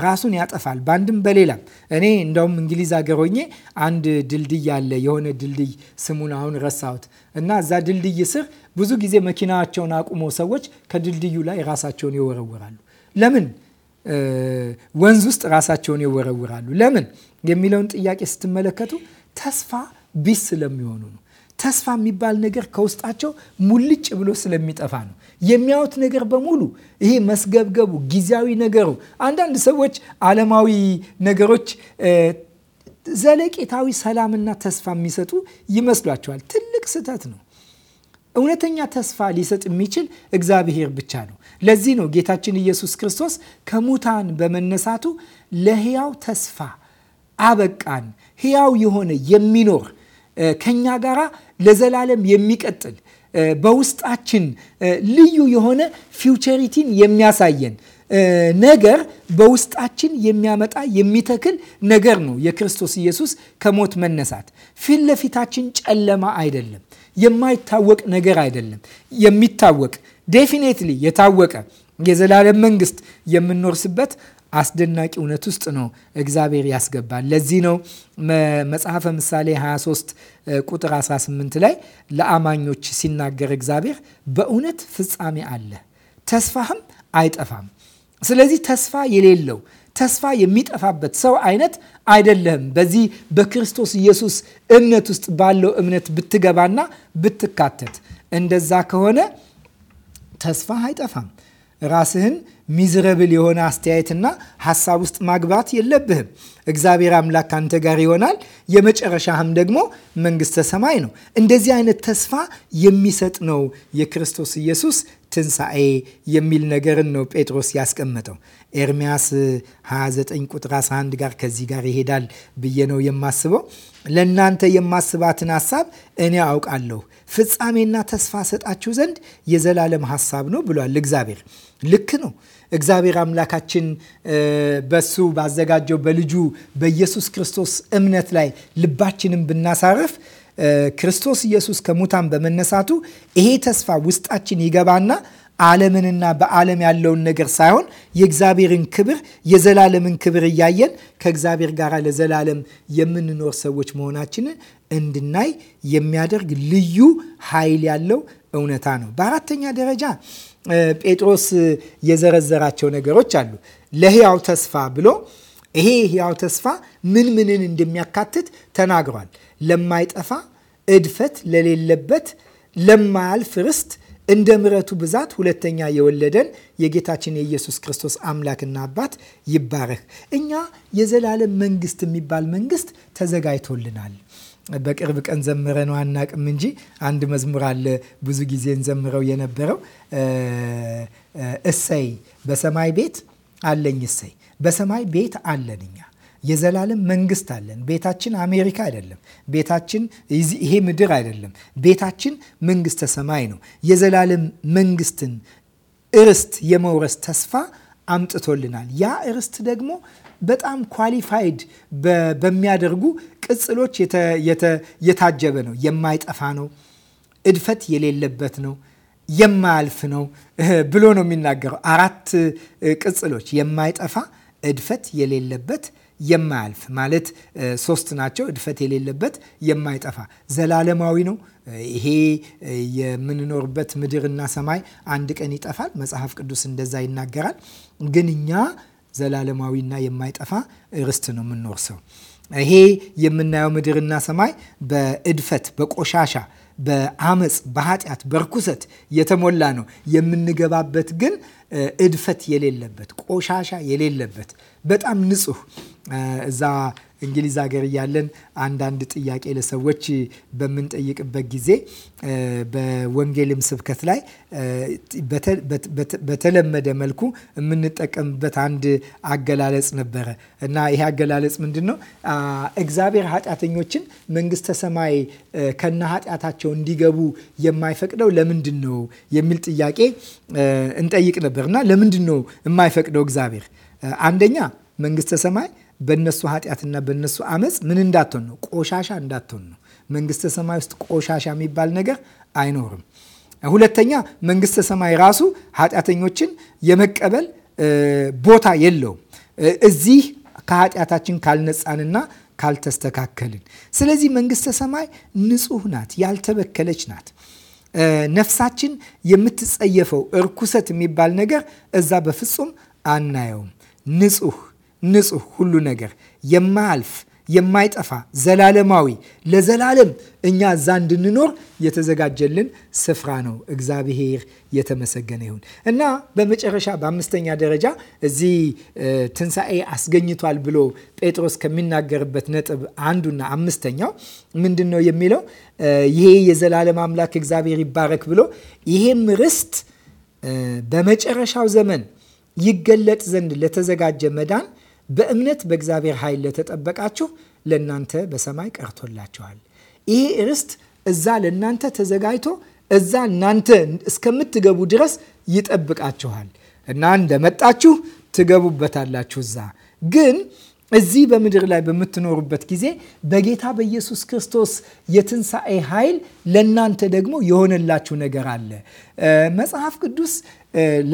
ራሱን ያጠፋል በአንድም በሌላም። እኔ እንደውም እንግሊዝ ሀገር ሆኜ አንድ ድልድይ አለ የሆነ ድልድይ ስሙን አሁን ረሳሁት እና እዛ ድልድይ ስር ብዙ ጊዜ መኪናቸውን አቁሞ ሰዎች ከድልድዩ ላይ ራሳቸውን ይወረወራሉ። ለምን ወንዝ ውስጥ ራሳቸውን ይወረውራሉ። ለምን የሚለውን ጥያቄ ስትመለከቱ ተስፋ ቢስ ስለሚሆኑ ነው። ተስፋ የሚባል ነገር ከውስጣቸው ሙልጭ ብሎ ስለሚጠፋ ነው። የሚያዩት ነገር በሙሉ ይሄ መስገብገቡ፣ ጊዜያዊ ነገሩ አንዳንድ ሰዎች ዓለማዊ ነገሮች ዘለቄታዊ ሰላምና ተስፋ የሚሰጡ ይመስሏቸዋል። ትልቅ ስህተት ነው። እውነተኛ ተስፋ ሊሰጥ የሚችል እግዚአብሔር ብቻ ነው። ለዚህ ነው ጌታችን ኢየሱስ ክርስቶስ ከሙታን በመነሳቱ ለሕያው ተስፋ አበቃን። ሕያው የሆነ የሚኖር ከኛ ጋራ ለዘላለም የሚቀጥል በውስጣችን ልዩ የሆነ ፊውቸሪቲን የሚያሳየን ነገር በውስጣችን የሚያመጣ የሚተክል ነገር ነው የክርስቶስ ኢየሱስ ከሞት መነሳት። ፊት ለፊታችን ጨለማ አይደለም፣ የማይታወቅ ነገር አይደለም፣ የሚታወቅ ዴፊኔትሊ የታወቀ የዘላለም መንግስት የምንወርስበት አስደናቂ እውነት ውስጥ ነው እግዚአብሔር ያስገባል። ለዚህ ነው መጽሐፈ ምሳሌ 23 ቁጥር 18 ላይ ለአማኞች ሲናገር እግዚአብሔር በእውነት ፍጻሜ አለ፣ ተስፋህም አይጠፋም። ስለዚህ ተስፋ የሌለው ተስፋ የሚጠፋበት ሰው አይነት አይደለህም። በዚህ በክርስቶስ ኢየሱስ እምነት ውስጥ ባለው እምነት ብትገባና ብትካተት እንደዛ ከሆነ ተስፋ አይጠፋም። ራስህን ሚዝረብል የሆነ አስተያየትና ሀሳብ ውስጥ ማግባት የለብህም። እግዚአብሔር አምላክ ካንተ ጋር ይሆናል፣ የመጨረሻህም ደግሞ መንግስተ ሰማይ ነው። እንደዚህ አይነት ተስፋ የሚሰጥ ነው የክርስቶስ ኢየሱስ ትንሣኤ የሚል ነገርን ነው ጴጥሮስ ያስቀመጠው። ኤርሚያስ 29 ቁጥር 11 ጋር ከዚህ ጋር ይሄዳል ብዬ ነው የማስበው። ለእናንተ የማስባትን ሀሳብ እኔ አውቃለሁ፣ ፍጻሜና ተስፋ ሰጣችሁ ዘንድ የዘላለም ሀሳብ ነው ብሏል እግዚአብሔር። ልክ ነው። እግዚአብሔር አምላካችን በሱ ባዘጋጀው በልጁ በኢየሱስ ክርስቶስ እምነት ላይ ልባችንን ብናሳርፍ ክርስቶስ ኢየሱስ ከሙታን በመነሳቱ ይሄ ተስፋ ውስጣችን ይገባና ዓለምንና በዓለም ያለውን ነገር ሳይሆን የእግዚአብሔርን ክብር የዘላለምን ክብር እያየን ከእግዚአብሔር ጋር ለዘላለም የምንኖር ሰዎች መሆናችንን እንድናይ የሚያደርግ ልዩ ኃይል ያለው እውነታ ነው። በአራተኛ ደረጃ ጴጥሮስ የዘረዘራቸው ነገሮች አሉ። ለሕያው ተስፋ ብሎ ይሄ ሕያው ተስፋ ምን ምንን እንደሚያካትት ተናግሯል። ለማይጠፋ እድፈት ለሌለበት ለማያልፍ ርስት እንደ ምረቱ ብዛት ሁለተኛ የወለደን የጌታችን የኢየሱስ ክርስቶስ አምላክና አባት ይባረክ። እኛ የዘላለም መንግስት የሚባል መንግስት ተዘጋጅቶልናል። በቅርብ ቀን ዘምረ ነው አናቅም እንጂ አንድ መዝሙር አለ ብዙ ጊዜ ዘምረው የነበረው እሰይ በሰማይ ቤት አለኝ እሰይ በሰማይ ቤት አለን እኛ የዘላለም መንግስት አለን። ቤታችን አሜሪካ አይደለም። ቤታችን ይሄ ምድር አይደለም። ቤታችን መንግስተ ሰማይ ነው። የዘላለም መንግስትን እርስት የመውረስ ተስፋ አምጥቶልናል። ያ እርስት ደግሞ በጣም ኳሊፋይድ በሚያደርጉ ቅጽሎች የታጀበ ነው። የማይጠፋ ነው። እድፈት የሌለበት ነው የማያልፍ ነው ብሎ ነው የሚናገረው። አራት ቅጽሎች የማይጠፋ እድፈት የሌለበት የማያልፍ ማለት ሶስት ናቸው። እድፈት የሌለበት የማይጠፋ ዘላለማዊ ነው። ይሄ የምንኖርበት ምድርና ሰማይ አንድ ቀን ይጠፋል። መጽሐፍ ቅዱስ እንደዛ ይናገራል። ግን እኛ ዘላለማዊና የማይጠፋ ርስት ነው የምንወርሰው። ይሄ የምናየው ምድርና ሰማይ በእድፈት በቆሻሻ በአመፅ በኃጢአት በርኩሰት የተሞላ ነው። የምንገባበት ግን እድፈት የሌለበት ቆሻሻ የሌለበት በጣም ንጹህ እዛ እንግሊዝ ሀገር እያለን አንዳንድ ጥያቄ ለሰዎች በምንጠይቅበት ጊዜ በወንጌልም ስብከት ላይ በተለመደ መልኩ የምንጠቀምበት አንድ አገላለጽ ነበረ እና ይሄ አገላለጽ ምንድን ነው? እግዚአብሔር ኃጢአተኞችን መንግስተ ሰማይ ከነ ኃጢአታቸው እንዲገቡ የማይፈቅደው ለምንድን ነው የሚል ጥያቄ እንጠይቅ ነበር እና ለምንድን ነው የማይፈቅደው እግዚአብሔር አንደኛ መንግስተ ሰማይ በእነሱ ኃጢአትና በእነሱ አመፅ ምን እንዳትሆን ነው? ቆሻሻ እንዳትሆን ነው። መንግስተ ሰማይ ውስጥ ቆሻሻ የሚባል ነገር አይኖርም። ሁለተኛ መንግስተ ሰማይ ራሱ ኃጢአተኞችን የመቀበል ቦታ የለውም። እዚህ ከኃጢአታችን ካልነጻንና ካልተስተካከልን፣ ስለዚህ መንግስተ ሰማይ ንጹህ ናት፣ ያልተበከለች ናት። ነፍሳችን የምትጸየፈው እርኩሰት የሚባል ነገር እዛ በፍጹም አናየውም። ንጹህ ንጹህ ሁሉ ነገር የማያልፍ የማይጠፋ ዘላለማዊ ለዘላለም እኛ እዛ እንድንኖር የተዘጋጀልን ስፍራ ነው። እግዚአብሔር የተመሰገነ ይሁን እና በመጨረሻ በአምስተኛ ደረጃ እዚህ ትንሣኤ አስገኝቷል ብሎ ጴጥሮስ ከሚናገርበት ነጥብ አንዱና አምስተኛው ምንድን ነው የሚለው ይሄ የዘላለም አምላክ እግዚአብሔር ይባረክ ብሎ ይሄም ርስት በመጨረሻው ዘመን ይገለጥ ዘንድ ለተዘጋጀ መዳን በእምነት በእግዚአብሔር ኃይል ለተጠበቃችሁ ለእናንተ በሰማይ ቀርቶላችኋል። ይሄ ርስት እዛ ለእናንተ ተዘጋጅቶ እዛ እናንተ እስከምትገቡ ድረስ ይጠብቃችኋል እና እንደመጣችሁ ትገቡበታላችሁ። እዛ ግን እዚህ በምድር ላይ በምትኖሩበት ጊዜ በጌታ በኢየሱስ ክርስቶስ የትንሣኤ ኃይል ለእናንተ ደግሞ የሆነላችሁ ነገር አለ። መጽሐፍ ቅዱስ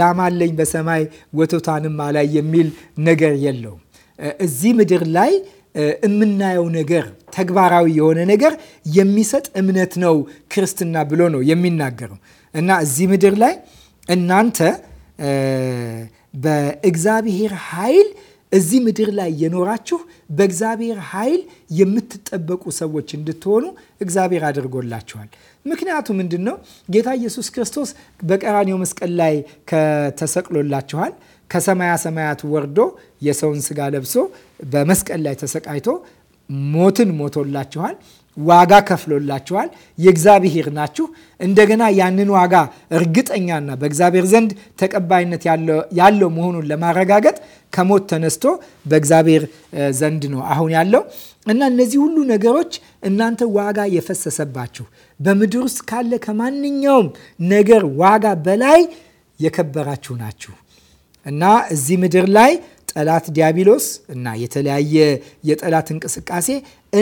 ላማለኝ በሰማይ ወቶታንም አላይ የሚል ነገር የለውም። እዚህ ምድር ላይ የምናየው ነገር ተግባራዊ የሆነ ነገር የሚሰጥ እምነት ነው ክርስትና ብሎ ነው የሚናገረው እና እዚህ ምድር ላይ እናንተ በእግዚአብሔር ኃይል እዚህ ምድር ላይ የኖራችሁ በእግዚአብሔር ኃይል የምትጠበቁ ሰዎች እንድትሆኑ እግዚአብሔር አድርጎላችኋል። ምክንያቱ ምንድን ነው? ጌታ ኢየሱስ ክርስቶስ በቀራኔው መስቀል ላይ ከተሰቅሎላችኋል። ከሰማያ ሰማያት ወርዶ የሰውን ስጋ ለብሶ በመስቀል ላይ ተሰቃይቶ ሞትን ሞቶላችኋል፣ ዋጋ ከፍሎላችኋል፣ የእግዚአብሔር ናችሁ። እንደገና ያንን ዋጋ እርግጠኛና በእግዚአብሔር ዘንድ ተቀባይነት ያለው መሆኑን ለማረጋገጥ ከሞት ተነስቶ በእግዚአብሔር ዘንድ ነው አሁን ያለው እና እነዚህ ሁሉ ነገሮች እናንተ ዋጋ የፈሰሰባችሁ በምድር ውስጥ ካለ ከማንኛውም ነገር ዋጋ በላይ የከበራችሁ ናችሁ እና እዚህ ምድር ላይ ጠላት ዲያብሎስ እና የተለያየ የጠላት እንቅስቃሴ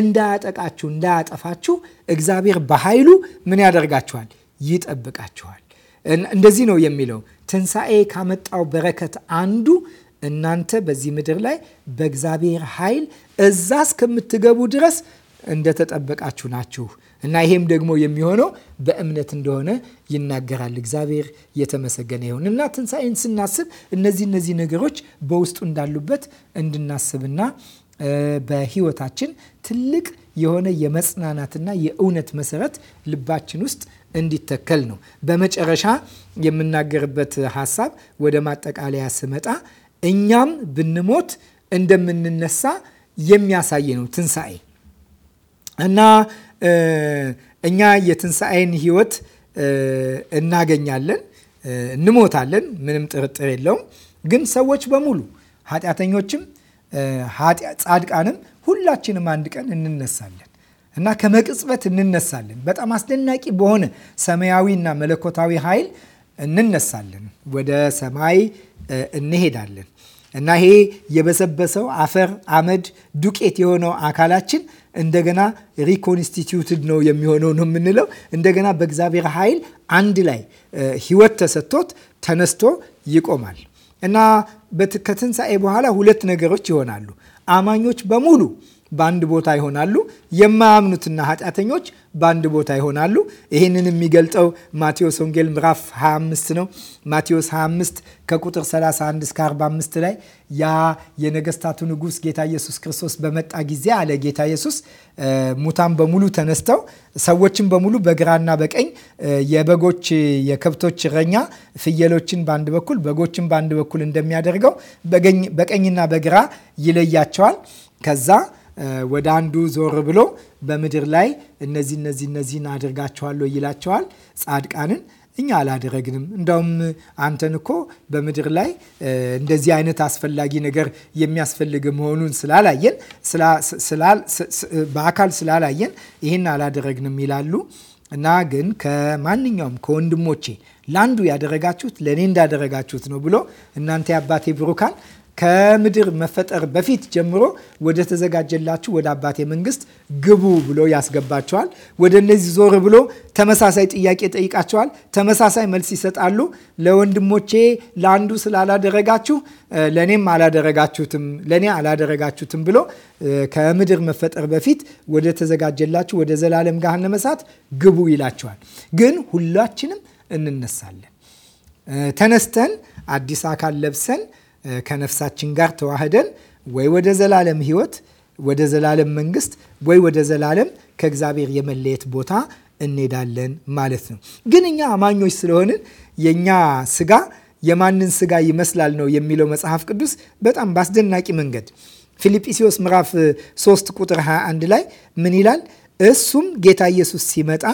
እንዳያጠቃችሁ እንዳያጠፋችሁ እግዚአብሔር በኃይሉ ምን ያደርጋችኋል? ይጠብቃችኋል። እንደዚህ ነው የሚለው ትንሣኤ ካመጣው በረከት አንዱ እናንተ በዚህ ምድር ላይ በእግዚአብሔር ኃይል እዛ እስከምትገቡ ድረስ እንደተጠበቃችሁ ናችሁ እና ይሄም ደግሞ የሚሆነው በእምነት እንደሆነ ይናገራል። እግዚአብሔር የተመሰገነ ይሁን እና ትንሣኤን ስናስብ እነዚህ እነዚህ ነገሮች በውስጡ እንዳሉበት እንድናስብና በህይወታችን ትልቅ የሆነ የመጽናናትና የእውነት መሰረት ልባችን ውስጥ እንዲተከል ነው። በመጨረሻ የምናገርበት ሀሳብ ወደ ማጠቃለያ ስመጣ እኛም ብንሞት እንደምንነሳ የሚያሳይ ነው ትንሣኤ እና እኛ የትንሣኤን ህይወት እናገኛለን፣ እንሞታለን፣ ምንም ጥርጥር የለውም። ግን ሰዎች በሙሉ ኃጢአተኞችም፣ ጻድቃንም ሁላችንም አንድ ቀን እንነሳለን እና ከመቅጽበት እንነሳለን። በጣም አስደናቂ በሆነ እና መለኮታዊ ኃይል እንነሳለን። ወደ ሰማይ እንሄዳለን። እና ይሄ የበሰበሰው አፈር፣ አመድ፣ ዱቄት የሆነው አካላችን እንደገና ሪኮንስቲቲዩትድ ነው የሚሆነው ነው የምንለው። እንደገና በእግዚአብሔር ኃይል አንድ ላይ ህይወት ተሰጥቶት ተነስቶ ይቆማል እና ከትንሣኤ በኋላ ሁለት ነገሮች ይሆናሉ። አማኞች በሙሉ በአንድ ቦታ ይሆናሉ። የማያምኑትና ኃጢአተኞች በአንድ ቦታ ይሆናሉ። ይህንን የሚገልጠው ማቴዎስ ወንጌል ምዕራፍ 25 ነው። ማቴዎስ 25 ከቁጥር 31 እስከ 45 ላይ ያ የነገስታቱ ንጉስ ጌታ ኢየሱስ ክርስቶስ በመጣ ጊዜ አለ ጌታ ኢየሱስ ሙታን በሙሉ ተነስተው ሰዎችን በሙሉ በግራና በቀኝ የበጎች የከብቶች እረኛ ፍየሎችን በአንድ በኩል በጎችን በአንድ በኩል እንደሚያደርገው በቀኝና በግራ ይለያቸዋል ከዛ ወደ አንዱ ዞር ብሎ በምድር ላይ እነዚህ እነዚህ እነዚህን አድርጋችኋለሁ ይላቸዋል ጻድቃንን እኛ አላደረግንም። እንዳውም አንተን እኮ በምድር ላይ እንደዚህ አይነት አስፈላጊ ነገር የሚያስፈልግ መሆኑን ስላላየን በአካል ስላላየን ይህን አላደረግንም ይላሉ። እና ግን ከማንኛውም ከወንድሞቼ ለአንዱ ያደረጋችሁት ለእኔ እንዳደረጋችሁት ነው ብሎ እናንተ የአባቴ ብሩካን ከምድር መፈጠር በፊት ጀምሮ ወደ ተዘጋጀላችሁ ወደ አባቴ መንግስት ግቡ ብሎ ያስገባቸዋል። ወደ እነዚህ ዞር ብሎ ተመሳሳይ ጥያቄ ጠይቃቸዋል። ተመሳሳይ መልስ ይሰጣሉ። ለወንድሞቼ ለአንዱ ስላላደረጋችሁ ለእኔም አላደረጋችሁትም፣ ለእኔ አላደረጋችሁትም ብሎ ከምድር መፈጠር በፊት ወደ ተዘጋጀላችሁ ወደ ዘላለም ገሃነመ እሳት ግቡ ይላቸዋል። ግን ሁላችንም እንነሳለን። ተነስተን አዲስ አካል ለብሰን ከነፍሳችን ጋር ተዋህደን ወይ ወደ ዘላለም ህይወት ወደ ዘላለም መንግስት ወይ ወደ ዘላለም ከእግዚአብሔር የመለየት ቦታ እንሄዳለን ማለት ነው። ግን እኛ አማኞች ስለሆንን የእኛ ስጋ የማንን ስጋ ይመስላል ነው የሚለው መጽሐፍ ቅዱስ በጣም በአስደናቂ መንገድ ፊልጵስዎስ ምዕራፍ 3 ቁጥር 21 ላይ ምን ይላል? እሱም ጌታ ኢየሱስ ሲመጣ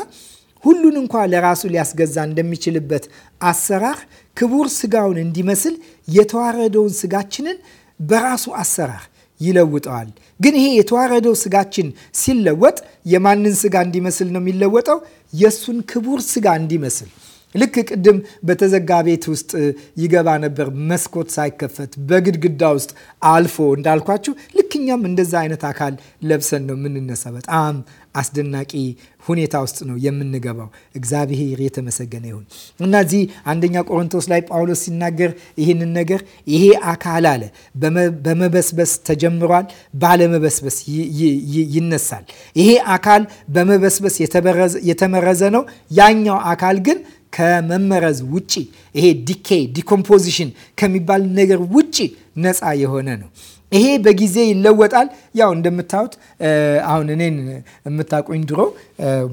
ሁሉን እንኳ ለራሱ ሊያስገዛ እንደሚችልበት አሰራር ክቡር ስጋውን እንዲመስል የተዋረደውን ስጋችንን በራሱ አሰራር ይለውጠዋል። ግን ይሄ የተዋረደው ስጋችን ሲለወጥ የማንን ስጋ እንዲመስል ነው የሚለወጠው? የእሱን ክቡር ስጋ እንዲመስል ልክ ቅድም በተዘጋ ቤት ውስጥ ይገባ ነበር መስኮት ሳይከፈት በግድግዳ ውስጥ አልፎ እንዳልኳችሁ ልክ እኛም እንደዛ አይነት አካል ለብሰን ነው የምንነሳ። በጣም አስደናቂ ሁኔታ ውስጥ ነው የምንገባው። እግዚአብሔር የተመሰገነ ይሁን እና እዚህ አንደኛ ቆሮንቶስ ላይ ጳውሎስ ሲናገር ይህንን ነገር ይሄ አካል አለ በመበስበስ ተጀምሯል፣ ባለመበስበስ ይነሳል። ይሄ አካል በመበስበስ የተመረዘ ነው። ያኛው አካል ግን ከመመረዝ ውጪ ይሄ ዲኬ ዲኮምፖዚሽን ከሚባል ነገር ውጪ ነፃ የሆነ ነው። ይሄ በጊዜ ይለወጣል። ያው እንደምታዩት አሁን እኔን የምታቁኝ ድሮ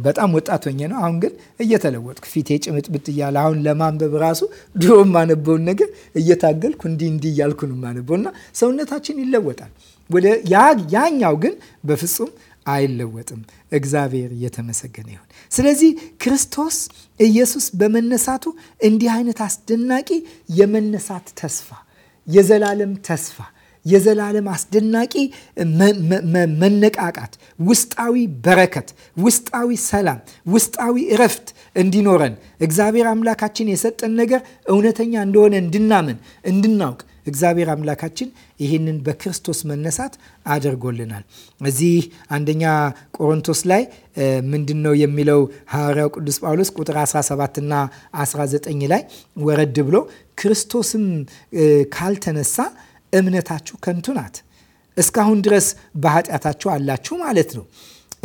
በጣም ወጣት ሆኜ ነው። አሁን ግን እየተለወጥኩ ፊቴ ጭምጥብጥ እያለ አሁን ለማንበብ ራሱ ድሮ የማነበውን ነገር እየታገልኩ እንዲህ እንዲህ እያልኩ ነው የማነበው እና ሰውነታችን ይለወጣል። ወደ ያኛው ግን በፍጹም አይለወጥም። እግዚአብሔር እየተመሰገነ ይሁን። ስለዚህ ክርስቶስ ኢየሱስ በመነሳቱ እንዲህ አይነት አስደናቂ የመነሳት ተስፋ የዘላለም ተስፋ የዘላለም አስደናቂ መነቃቃት፣ ውስጣዊ በረከት፣ ውስጣዊ ሰላም፣ ውስጣዊ እረፍት እንዲኖረን እግዚአብሔር አምላካችን የሰጠን ነገር እውነተኛ እንደሆነ እንድናምን እንድናውቅ እግዚአብሔር አምላካችን ይህንን በክርስቶስ መነሳት አድርጎልናል። እዚህ አንደኛ ቆሮንቶስ ላይ ምንድን ነው የሚለው ሐዋርያው ቅዱስ ጳውሎስ ቁጥር 17ና 19 ላይ ወረድ ብሎ ክርስቶስም ካልተነሳ እምነታችሁ ከንቱ ናት፣ እስካሁን ድረስ በኃጢአታችሁ አላችሁ ማለት ነው።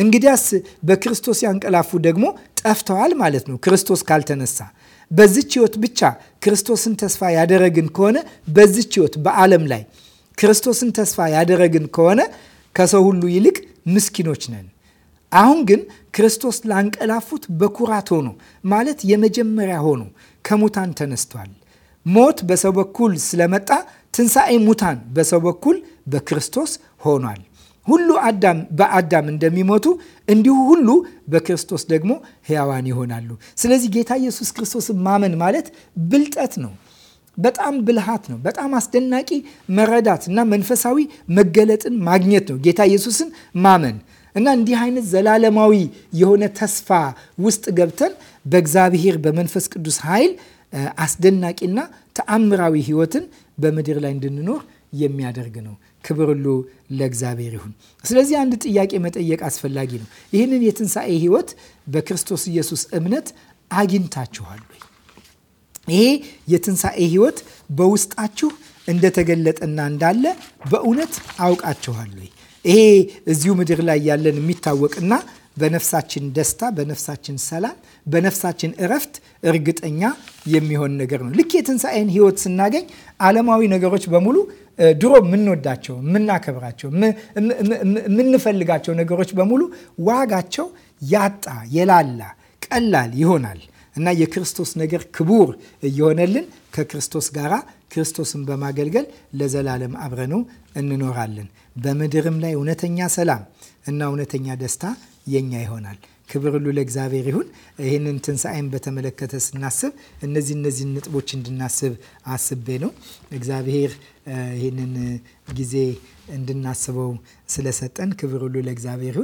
እንግዲያስ በክርስቶስ ያንቀላፉ ደግሞ ጠፍተዋል ማለት ነው። ክርስቶስ ካልተነሳ በዚች ህይወት ብቻ ክርስቶስን ተስፋ ያደረግን ከሆነ በዚች ህይወት በዓለም ላይ ክርስቶስን ተስፋ ያደረግን ከሆነ ከሰው ሁሉ ይልቅ ምስኪኖች ነን። አሁን ግን ክርስቶስ ላንቀላፉት በኩራት ሆኖ ማለት የመጀመሪያ ሆኖ ከሙታን ተነስቷል። ሞት በሰው በኩል ስለመጣ ትንሣኤ ሙታን በሰው በኩል በክርስቶስ ሆኗል። ሁሉ አዳም በአዳም እንደሚሞቱ እንዲሁ ሁሉ በክርስቶስ ደግሞ ሕያዋን ይሆናሉ። ስለዚህ ጌታ ኢየሱስ ክርስቶስን ማመን ማለት ብልጠት ነው። በጣም ብልሃት ነው። በጣም አስደናቂ መረዳት እና መንፈሳዊ መገለጥን ማግኘት ነው ጌታ ኢየሱስን ማመን እና እንዲህ አይነት ዘላለማዊ የሆነ ተስፋ ውስጥ ገብተን በእግዚአብሔር በመንፈስ ቅዱስ ኃይል አስደናቂና ተአምራዊ ህይወትን ። በምድር ላይ እንድንኖር የሚያደርግ ነው። ክብር ሁሉ ለእግዚአብሔር ይሁን። ስለዚህ አንድ ጥያቄ መጠየቅ አስፈላጊ ነው። ይህንን የትንሣኤ ህይወት በክርስቶስ ኢየሱስ እምነት አግኝታችኋል ወይ? ይሄ የትንሣኤ ህይወት በውስጣችሁ እንደተገለጠና እንዳለ በእውነት አውቃችኋል ወይ? ይሄ እዚሁ ምድር ላይ ያለን የሚታወቅና በነፍሳችን ደስታ፣ በነፍሳችን ሰላም፣ በነፍሳችን እረፍት እርግጠኛ የሚሆን ነገር ነው። ልክ የትንሣኤን ህይወት ስናገኝ ዓለማዊ ነገሮች በሙሉ ድሮ የምንወዳቸው፣ የምናከብራቸው፣ የምንፈልጋቸው ነገሮች በሙሉ ዋጋቸው ያጣ የላላ ቀላል ይሆናል እና የክርስቶስ ነገር ክቡር እየሆነልን ከክርስቶስ ጋራ ክርስቶስን በማገልገል ለዘላለም አብረነው እንኖራለን። በምድርም ላይ እውነተኛ ሰላም እና እውነተኛ ደስታ የኛ ይሆናል። ክብር ሁሉ ለእግዚአብሔር ይሁን። ይህንን ትንሣኤን በተመለከተ ስናስብ እነዚህ እነዚህን ነጥቦች እንድናስብ አስቤ ነው። እግዚአብሔር ይህንን ጊዜ እንድናስበው ስለሰጠን ክብር ሁሉ ለእግዚአብሔር ይሁን።